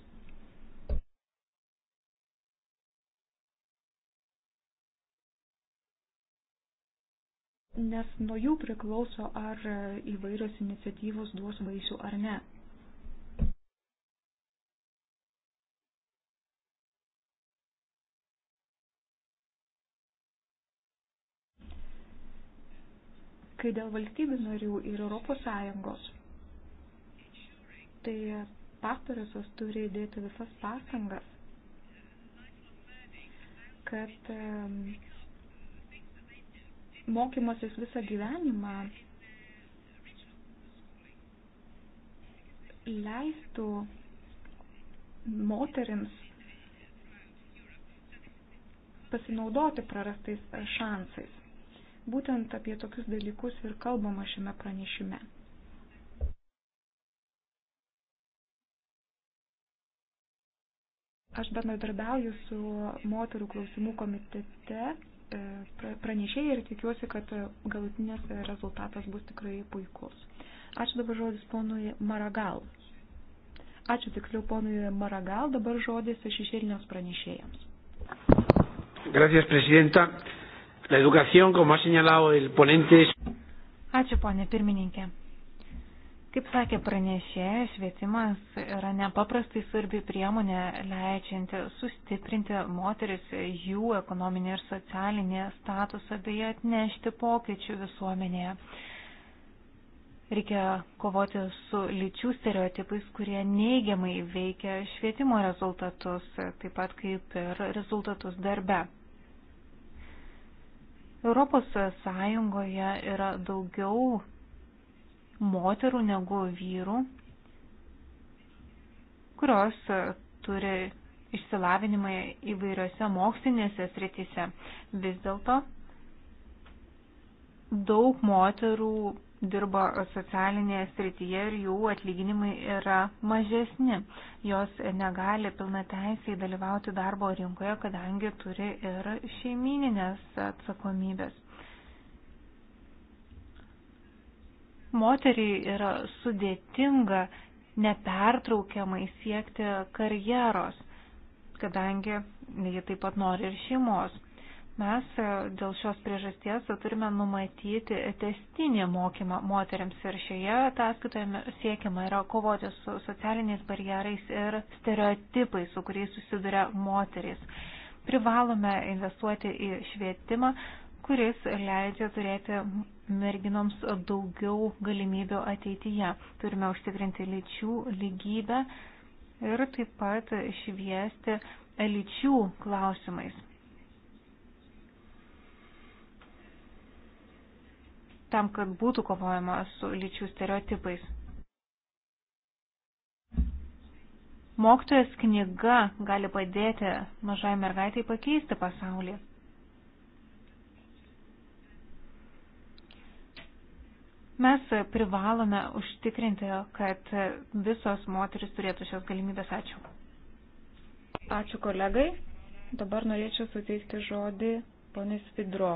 Nes nuo jų priklauso, ar įvairios iniciatyvos duos vaisių ar ne. kai dėl valstybių narių ir ES. Tai pastarosios turi įdėti visas pastangas, kad mokymasis visą gyvenimą leistų moterims pasinaudoti prarastais šansais. Būtent apie tokius dalykus ir kalbama šiame pranešime. Aš bendradarbiauju su moterų klausimų komitete e, pranešėjai ir tikiuosi, kad galutinės rezultatas bus tikrai puikus. Ačiū dabar žodis ponui Maragal. Ačiū tiksliau ponui Maragal, dabar žodis šešėliniams pranešėjams. Gracias, prezidenta. La educación, como ha señalado el ponente. Ačiū, ponė pirmininkė. Kaip sakė pranešėjas, švietimas yra nepaprastai svarbi priemonė leidžianti sustiprinti moteris jų ekonominį ir socialinį statusą bei atnešti pokyčių visuomenėje. Reikia kovoti su lyčių stereotipais, kurie neigiamai veikia švietimo rezultatus, taip pat kaip ir rezultatus darbe. Europos Sąjungoje yra daugiau moterų negu vyrų, kurios turi išsilavinimą įvairiose mokslinėse srityse. Vis dėlto daug moterų dirbo socialinėje srityje ir jų atlyginimai yra mažesni. Jos negali pilna teisiai dalyvauti darbo rinkoje, kadangi turi ir šeimininės atsakomybės. Moteriai yra sudėtinga nepertraukiamai siekti karjeros, kadangi ji taip pat nori ir šeimos Mes e, dėl šios priežasties turime numatyti testinį mokymą moteriams ir šioje ataskaitoje siekiama yra kovoti su socialiniais barjerais ir stereotipais, su kuriais susiduria moteris. Privalome investuoti į švietimą, kuris leidžia turėti merginoms daugiau galimybių ateityje. Turime užtikrinti lyčių lygybę ir taip pat šviesti lyčių klausimais tam, kad būtų kovojama su lyčių stereotipais. Mokytojas knyga gali padėti mažai mergaitai pakeisti pasaulį. Mes privalome užtikrinti, kad visos moteris turėtų šios galimybės. Ačiū. Ačiū kolegai. Dabar norėčiau suteikti žodį ponai Svidro,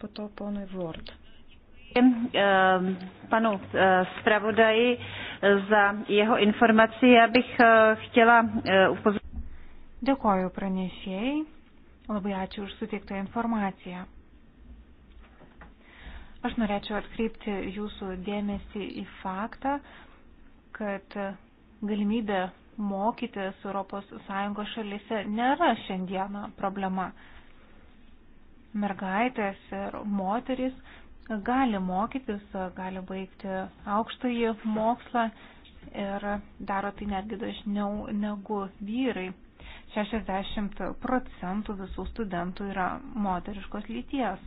po to ponai Vort. Ehm, panu eh, zpravodaji eh, za jeho informaci. Já bych eh, chtěla upozornit. Dėkoju pranešėjai. Labai ačiū už suteiktą informaciją. Aš norėčiau atkreipti jūsų dėmesį į faktą, kad galimybė mokytis ES šalise nėra šiandieną problema. Mergaitės ir moteris gali mokytis, gali baigti aukštąjį mokslą ir daro tai netgi dažniau negu vyrai. 60 procentų visų studentų yra moteriškos lyties.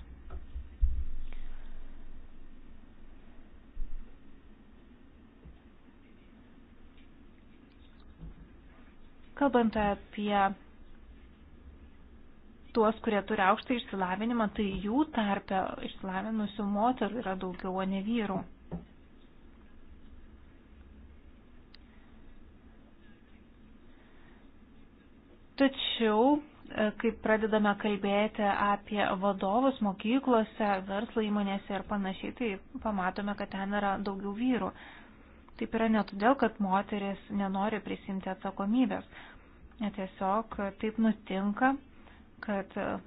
Kalbant apie tuos, kurie turi aukštą išsilavinimą, tai jų tarpe išsilavinusių moterų yra daugiau, o ne vyrų. Tačiau, e, kai pradedame kalbėti apie vadovus mokyklose, verslo įmonėse ir panašiai, tai pamatome, kad ten yra daugiau vyrų. Taip yra ne todėl, kad moteris nenori prisimti atsakomybės. Tiesiog taip nutinka kad e,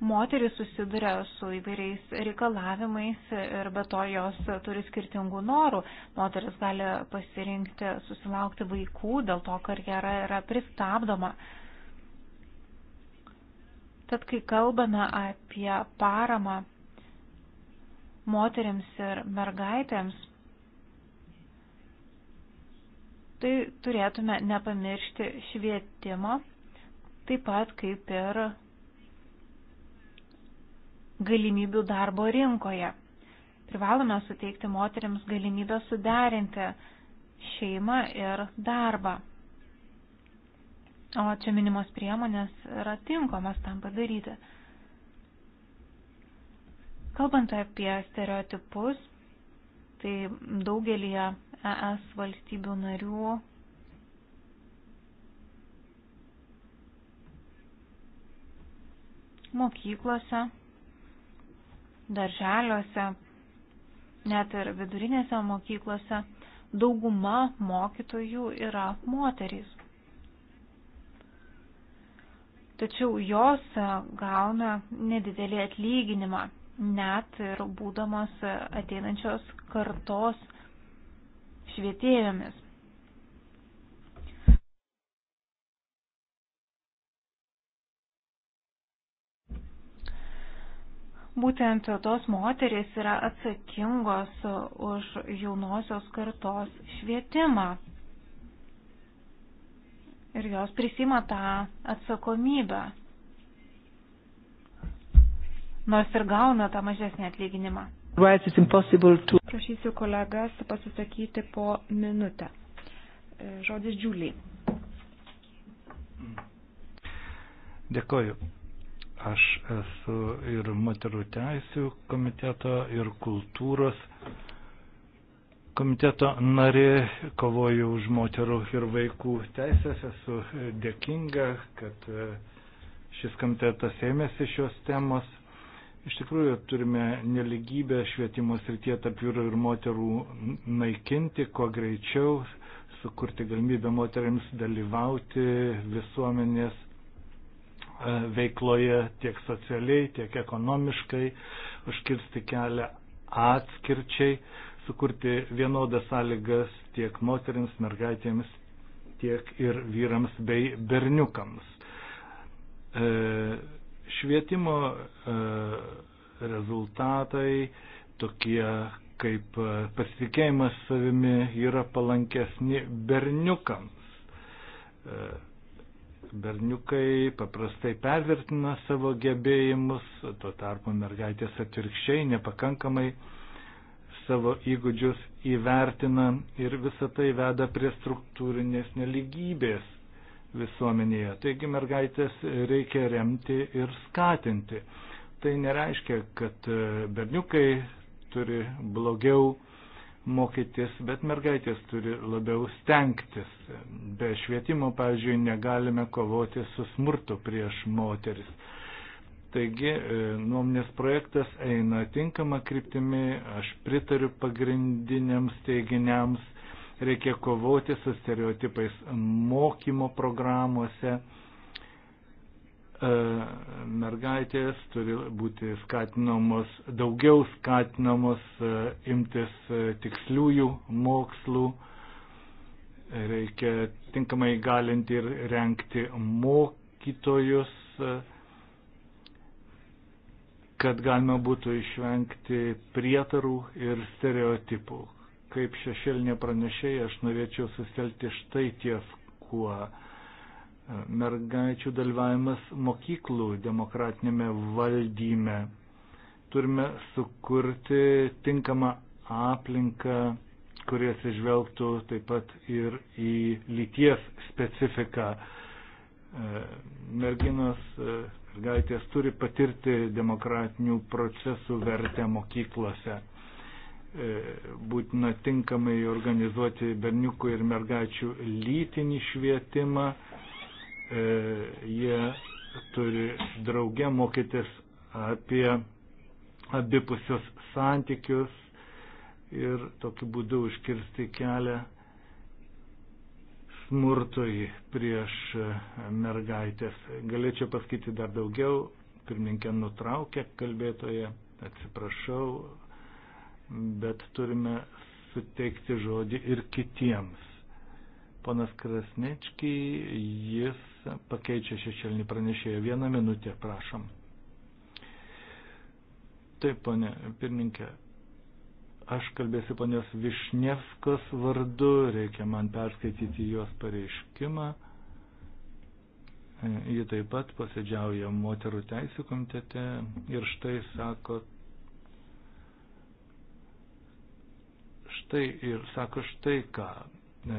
moteris susiduria su įvairiais reikalavimais ir be to jos turi skirtingų norų. Moteris gali pasirinkti susilaukti vaikų, dėl to karjera yra pristabdoma. Tad kai kalbame apie paramą moteriams ir mergaitėms, tai turėtume nepamiršti švietimo, taip pat kaip ir galimybių darbo rinkoje. Privalome suteikti moteriams galimybę suderinti šeimą ir darbą. O čia minimos priemonės yra tinkamas tam padaryti. Kalbant apie stereotipus, tai daugelie ES valstybių narių mokyklose, darželiuose, net ir vidurinėse mokyklose dauguma mokytojų yra moterys. Tačiau jos gauna nedidelį atlyginimą, net ir būdamos ateinančios kartos švietėjomis. Būtent tos moteris yra atsakingos už jaunosios kartos švietimą. Ir jos prisima tą atsakomybę. Nors ir gauna tą mažesnį atlyginimą. Prašysiu kolegas pasisakyti po minutę. E, žodis Džiuliai. Dėkoju. Aš esu ir moterų teisų komiteto, ir kultūros komiteto narė, kovoju už moterų ir vaikų teisės. Esu dėkinga, kad e, šis komitetas ėmėsi šios temos Iš tikrųjų, turime neligybę švietimo srityje tarp vyrų ir moterų naikinti, kuo greičiau sukurti galimybę moteriams dalyvauti visuomenės e, veikloje tiek socialiai, tiek ekonomiškai, užkirsti kelią atskirčiai, sukurti vienodas sąlygas tiek moteriams, mergaitėms, tiek ir vyrams bei berniukams. E, Švietimo e, rezultatai tokie kaip e, pasitikėjimas savimi yra palankesni berniukams. E, berniukai paprastai pervertina savo gebėjimus, tuo tarpu mergaitės atvirkščiai nepakankamai savo įgūdžius įvertina ir visa tai veda prie struktūrinės neligybės visuomenėje. Taigi mergaitės reikia remti ir skatinti. Tai nereiškia, kad e, berniukai turi blogiau mokytis, bet mergaitės turi labiau stengtis. Be švietimo, pavyzdžiui, negalime kovoti su smurtu prieš moteris. Taigi, e, nuomonės projektas eina tinkama kryptimi, aš pritariu pagrindiniams teiginiams Reikia kovoti su stereotipais mokymo programuose. E, mergaitės turi būti skatinamos, daugiau skatinamos e, imtis e, tiksliųjų mokslų. Reikia tinkamai galinti ir renkti mokytojus kad galima būtų išvengti prietarų ir stereotipų, kaip šešėlinė pranešėja, aš norėčiau susitelti štai ties kuo. Mergaičių dalyvavimas mokyklų demokratinėme valdyme. Turime sukurti tinkamą aplinką, kurie atsižvelgtų taip pat ir į lyties specifiką. E, merginos, e, mergaitės turi patirti demokratinių procesų vertę mokyklose E, būtina tinkamai organizuoti berniukų ir mergaičių lytinį švietimą. E, jie turi draugę mokytis apie abipusius santykius ir tokiu būdu užkirsti kelią smurtui prieš e, mergaitės. Galėčiau pasakyti dar daugiau, pirmininkė nutraukė kalbėtoje, atsiprašau, bet turime suteikti žodį ir kitiems. Ponas Krasnečki, jis pakeičia šešėlinį pranešėją. Vieną minutę, prašom. Taip, ponė pirmininkė, aš kalbėsiu ponios Višnevskos vardu, reikia man perskaityti jos pareiškimą. Ji taip pat posėdžiauja moterų teisų komitete ir štai sako štai ir sako štai ką. E,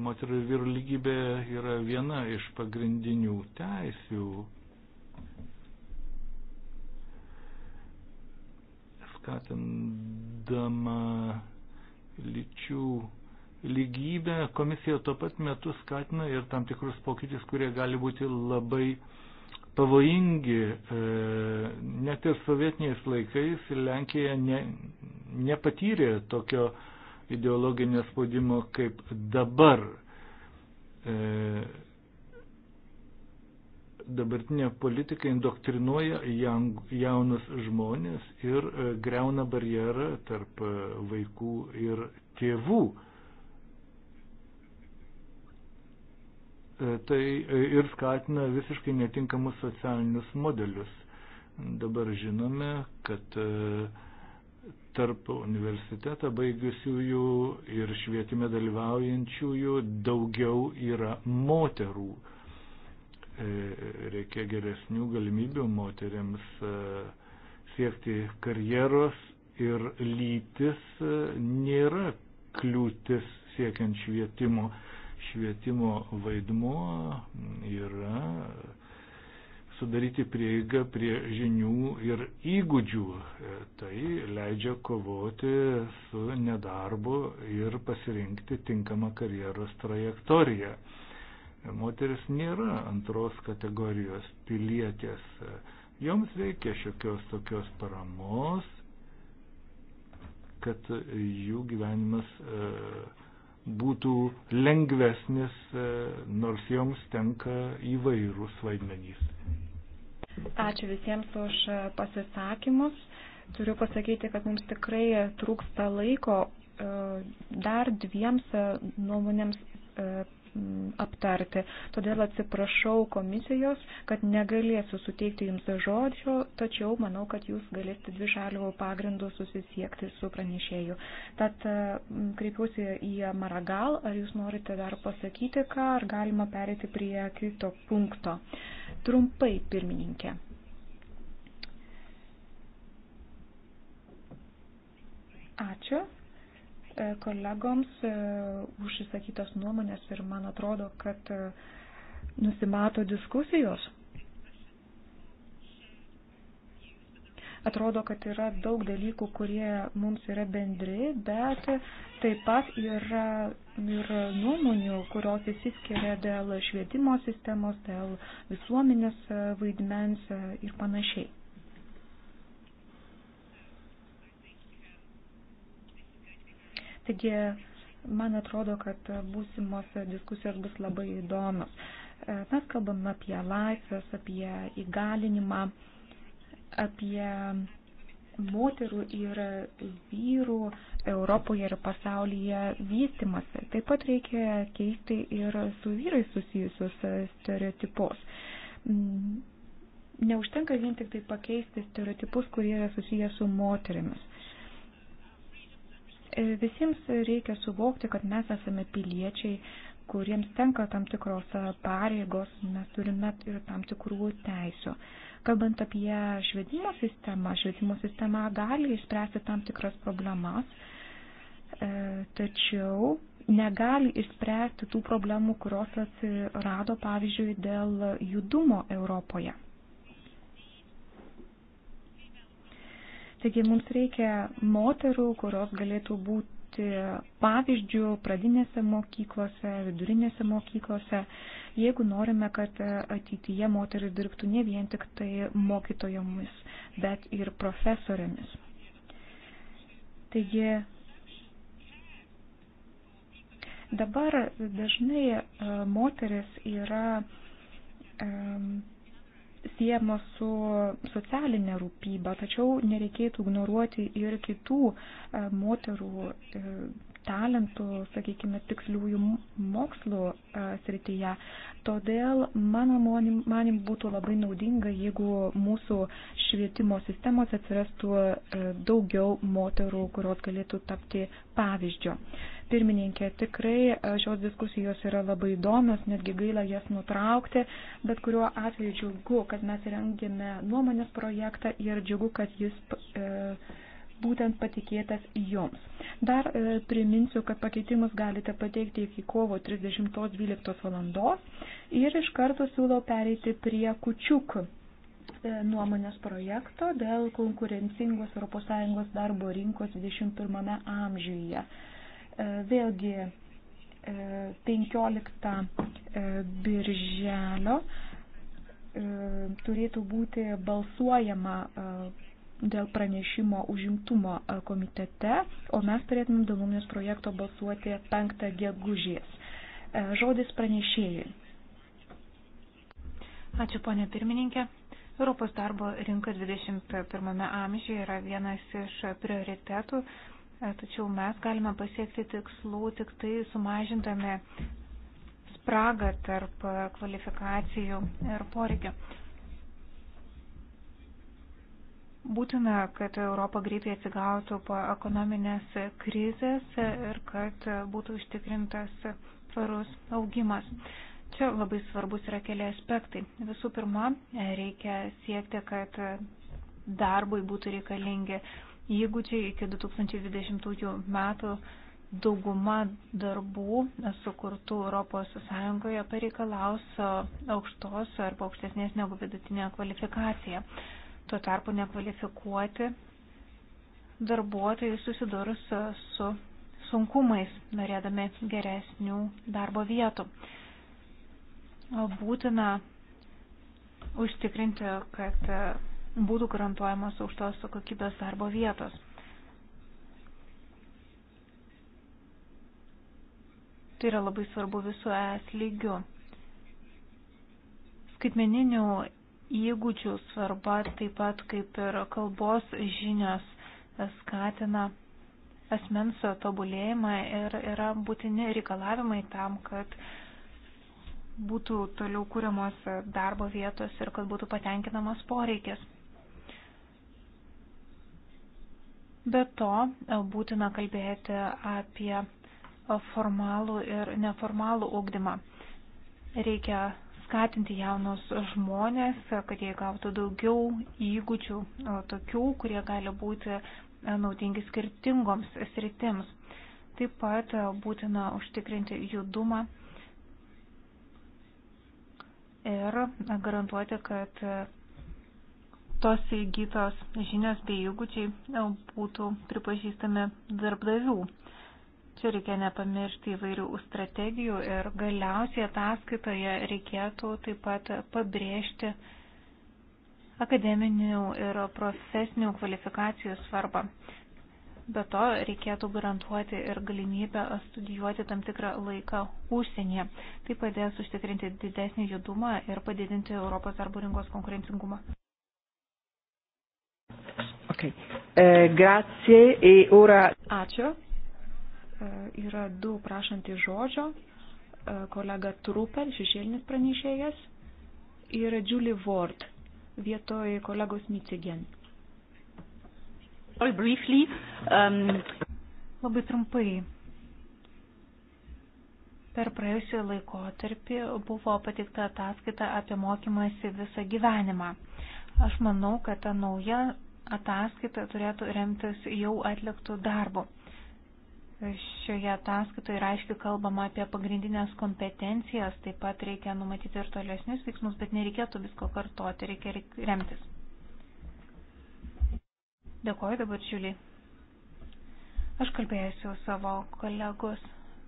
moterų ir vyrų lygybė yra viena iš pagrindinių teisių. Skatindama lyčių lygybę, komisija tuo pat metu skatina ir tam tikrus pokytis, kurie gali būti labai pavojingi. E, net ir sovietiniais laikais Lenkija ne, nepatyrė tokio ideologinio spaudimo kaip dabar. E, dabartinė politika indoktrinuoja jaunus žmonės ir e, greuna barjerą tarp vaikų ir tėvų. tai e, ir skatina visiškai netinkamus socialinius modelius. Dabar žinome, kad e, tarp universitetą baigiusiųjų ir švietime dalyvaujančiųjų daugiau yra moterų. E, reikia geresnių galimybių moteriams siekti karjeros ir lytis nėra kliūtis siekiant švietimo švietimo vaidmuo yra sudaryti prieigą prie žinių ir įgūdžių. Tai leidžia kovoti su nedarbu ir pasirinkti tinkamą karjeros trajektoriją. Moteris nėra antros kategorijos pilietės. Joms reikia šiokios tokios paramos, kad jų gyvenimas e, būtų lengvesnis, e, nors joms tenka įvairūs vaidmenys. Ačiū visiems už e, pasisakymus. Turiu pasakyti, kad mums tikrai trūksta laiko e, dar dviems nuomonėms Mm, aptarti. Todėl atsiprašau komisijos, kad negalėsiu suteikti jums žodžio, tačiau manau, kad jūs galėsite dvi šalių pagrindų susisiekti su pranešėju. Tad mm, kreipiuosi į Maragal, ar jūs norite dar pasakyti ką, ar galima perėti prie kito punkto. Trumpai, pirmininkė. Ačiū. E, kolegoms e, už išsakytas nuomonės ir man atrodo, kad e, nusimato diskusijos. Atrodo, kad yra daug dalykų, kurie mums yra bendri, bet taip pat yra ir nuomonių, kurios įsiskiria dėl švietimo sistemos, dėl visuomenės vaidmens ir panašiai. Taigi, man atrodo, kad būsimos diskusijos bus labai įdomios. E, mes kalbam apie laisvės, apie įgalinimą, apie moterų ir vyrų Europoje ir pasaulyje vystimasi. Taip pat reikia keisti ir su vyrais susijusius stereotipus. Mm, neužtenka vien tik tai pakeisti stereotipus, kurie yra susiję su moterimis. Visiems reikia suvokti, kad mes esame piliečiai, kuriems tenka tam tikros pareigos, mes turime ir tam tikrų teisių. Kalbant apie švietimo sistemą, švietimo sistema gali išspręsti tam tikras problemas, e, tačiau negali išspręsti tų problemų, kurios atsirado, pavyzdžiui, dėl judumo Europoje. Taigi mums reikia moterų, kurios galėtų būti pavyzdžių pradinėse mokyklose, vidurinėse mokyklose, jeigu norime, kad ateityje moteris dirbtų ne vien tik tai mokytojomis, bet ir profesorėmis. Taigi dabar dažnai e, moteris yra siejama su socialinė rūpyba, tačiau nereikėtų ignoruoti ir kitų e, moterų e, talentų, sakykime, tiksliųjų mokslo e, srityje. Todėl mano manim, manim būtų labai naudinga, jeigu mūsų švietimo sistemos atsirastų daugiau moterų, kurios galėtų tapti pavyzdžio pirmininkė, tikrai e, šios diskusijos yra labai įdomios, netgi gaila jas nutraukti, bet kuriuo atveju džiugu, kad mes rengėme nuomonės projektą ir džiugu, kad jis e, būtent patikėtas jums. Dar e, priminsiu, kad pakeitimus galite pateikti iki kovo 30.12 valandos ir iš karto siūlau pereiti prie kučiukų e, nuomonės projekto dėl konkurencingos ES darbo rinkos 21 amžiuje. E, vėlgi 15 e, e, birželio turėtų būti balsuojama dėl pranešimo užimtumo komitete, o mes turėtumėm dėl nuomonės projekto balsuoti 5 gegužės. Žodis pranešėjai. Ačiū, ponė pirmininkė. Europos darbo rinka 21 amžiuje yra vienas iš prioritetų tačiau mes galime pasiekti tikslų tik tai sumažindami spragą tarp kvalifikacijų ir poreikių. Būtina, kad Europa greitai atsigautų po ekonominės krizės ir kad būtų užtikrintas tvarus augimas. Čia labai svarbus yra keli aspektai. Visų pirma, reikia siekti, kad darbui būtų reikalingi įgūdžiai iki 2020 metų dauguma darbų sukurtų ES pareikalaus aukštos arba aukštesnės negu vidutinė kvalifikacija. Tuo tarpu nekvalifikuoti darbuotojai susidurs su sunkumais, norėdami geresnių darbo vietų. Būtina užtikrinti, kad būtų garantuojamos aukštos kokybės darbo vietos. Tai yra labai svarbu visų ES lygių. Skaitmeninių įgūdžių svarba taip pat kaip ir kalbos žinios skatina asmens tobulėjimą ir yra būtini reikalavimai tam, kad būtų toliau kūriamos darbo vietos ir kad būtų patenkinamas poreikis. Be to, e, būtina kalbėti apie formalų ir neformalų ugdymą. Reikia skatinti jaunus žmonės, kad jie gautų daugiau įgūdžių, e, tokių, kurie gali būti e, naudingi skirtingoms sritims. Taip pat būtina užtikrinti judumą ir garantuoti, kad tos įgytos žinios bei įgūdžiai e, būtų pripažįstami darbdavių. Čia reikia nepamiršti įvairių strategijų ir galiausiai ataskaitoje reikėtų taip pat pabrėžti akademinių ir profesinių kvalifikacijų svarbą. Be to reikėtų garantuoti ir galimybę studijuoti tam tikrą laiką užsienyje. Tai padės užtikrinti didesnį judumą ir padidinti Europos darbo rinkos konkurencingumą. Okay. E, grazie e ora. Ačiū. E, yra du prašantys žodžio. E, kolega Trupel, šešėlinis pranešėjas. Ir Julie Ward vietoj kolegos Mitsigen. Briefly, um... Labai trumpai. Per praėjusią laikotarpį buvo patikta ataskaita apie mokymąsi visą gyvenimą. Aš manau, kad ta nauja ataskaita turėtų remtis jau atliktų darbų. Šioje ataskaitoje yra aiškiai kalbama apie pagrindinės kompetencijas, taip pat reikia numatyti ir tolesnius veiksmus, bet nereikėtų visko kartoti, reikia remtis. Dėkoju dabar, Čiulį. Aš kalbėsiu savo kolegos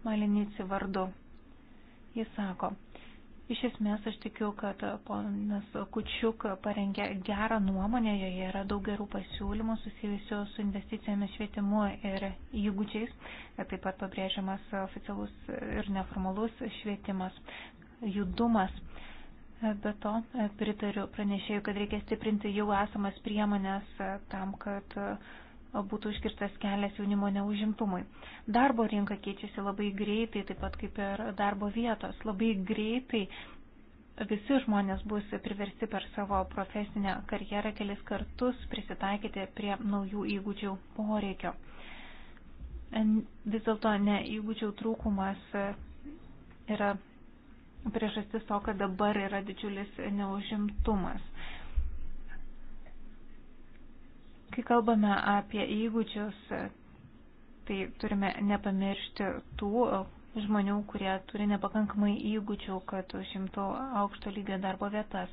Malinici vardu. Jis sako, Iš esmės aš tikiu, kad ponas Kučiuk parengė gerą nuomonę, joje yra daug gerų pasiūlymų susijusių su investicijomis švietimu ir įgūdžiais, taip pat pabrėžiamas oficialus ir neformalus švietimas, judumas. Be to pritariu pranešėjų, kad reikia stiprinti jau esamas priemonės tam, kad būtų užkirstas kelias jaunimo neužimtumui. Darbo rinka keičiasi labai greitai, taip pat kaip ir darbo vietos. Labai greitai visi žmonės bus priversti per savo profesinę karjerą kelis kartus prisitaikyti prie naujų įgūdžių poreikio. Vis dėlto ne įgūdžių trūkumas yra priežastis to, kad dabar yra didžiulis neužimtumas. Kai kalbame apie įgūdžius, tai turime nepamiršti tų žmonių, kurie turi nepakankamai įgūdžių, kad užimtų aukšto lygio darbo vietas.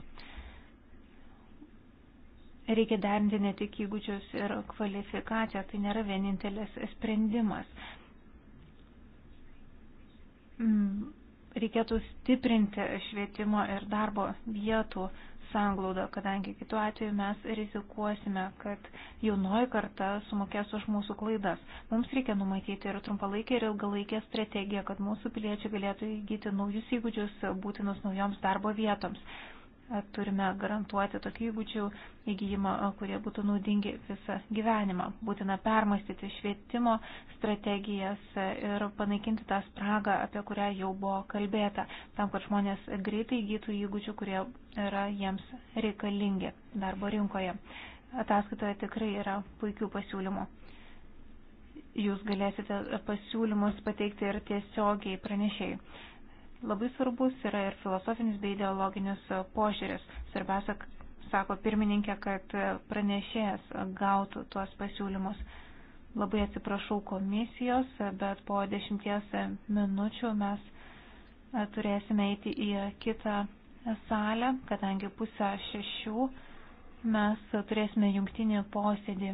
Reikia derinti ne tik įgūdžius ir kvalifikaciją, tai nėra vienintelis sprendimas. Mm, reikėtų stiprinti švietimo ir darbo vietų sanglaudą, kadangi kitu atveju mes rizikuosime, kad jaunoji karta sumokės už mūsų klaidas. Mums reikia numatyti ir trumpalaikį, ir ilgalaikę strategiją, kad mūsų piliečiai galėtų įgyti naujus įgūdžius būtinus naujoms darbo vietoms turime garantuoti tokių įgūdžių įgyjimą, kurie būtų naudingi visą gyvenimą. Būtina permastyti švietimo strategijas ir panaikinti tą spragą, apie kurią jau buvo kalbėta, tam, kad žmonės greitai įgytų įgūdžių, kurie yra jiems reikalingi darbo rinkoje. Ataskaitoje tikrai yra puikių pasiūlymų. Jūs galėsite pasiūlymus pateikti ir tiesiogiai pranešėjai. Labai svarbus yra ir filosofinis bei ideologinis požiūris. Svarbiausia, sako pirmininkė, kad pranešėjas gautų tuos pasiūlymus. Labai atsiprašau komisijos, bet po dešimties minučių mes turėsime eiti į kitą salę, kadangi pusę šešių mes turėsime jungtinį posėdį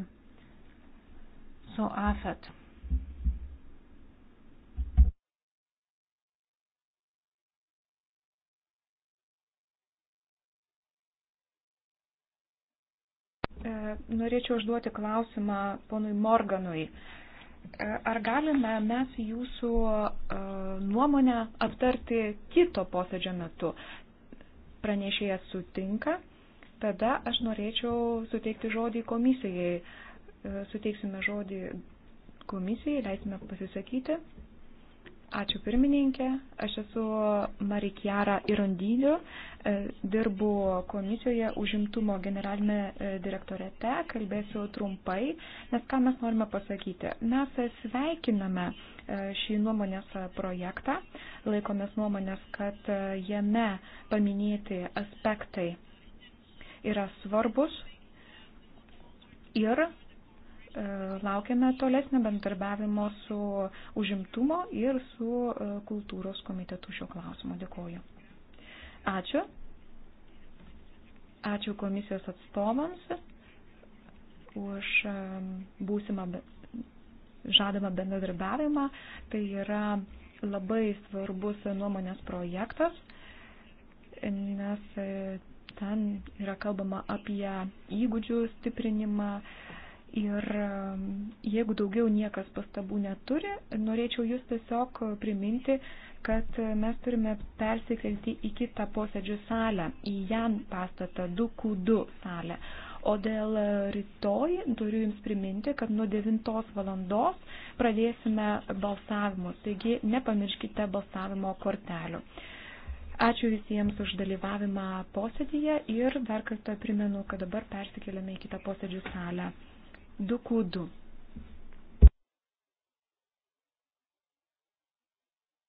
su AFET. E, norėčiau užduoti klausimą ponui Morganui. E, ar galime mes jūsų e, nuomonę aptarti kito posėdžio metu? Pranešėjas sutinka, tada aš norėčiau suteikti žodį komisijai. Suteiksime žodį komisijai, leisime pasisakyti. Ačiū pirmininkė, aš esu Marikjara Irondydžio, e, dirbu komisijoje užimtumo generalinė e, direktorete, kalbėsiu trumpai, nes ką mes norime pasakyti. Mes sveikiname e, šį nuomonės projektą, laikomės nuomonės, kad jame paminėti aspektai yra svarbus ir E, laukiame tolesnio bendarbiavimo su užimtumo ir su e, kultūros komitetu šio klausimo. Dėkoju. Ačiū. Ačiū komisijos atstovams už e, būsimą žadamą bendradarbiavimą. Tai yra labai svarbus nuomonės projektas, nes ten yra kalbama apie įgūdžių stiprinimą, Ir jeigu daugiau niekas pastabų neturi, norėčiau jūs tiesiog priminti, kad mes turime persikelti į kitą posėdžių salę, į Jan pastatą 2Q2 salę. O dėl rytoj turiu Jums priminti, kad nuo 9 valandos pradėsime balsavimus, taigi nepamirškite balsavimo kortelių. Ačiū visiems už dalyvavimą posėdyje ir dar kartą primenu, kad dabar persikeliame į kitą posėdžių salę. 2Q2.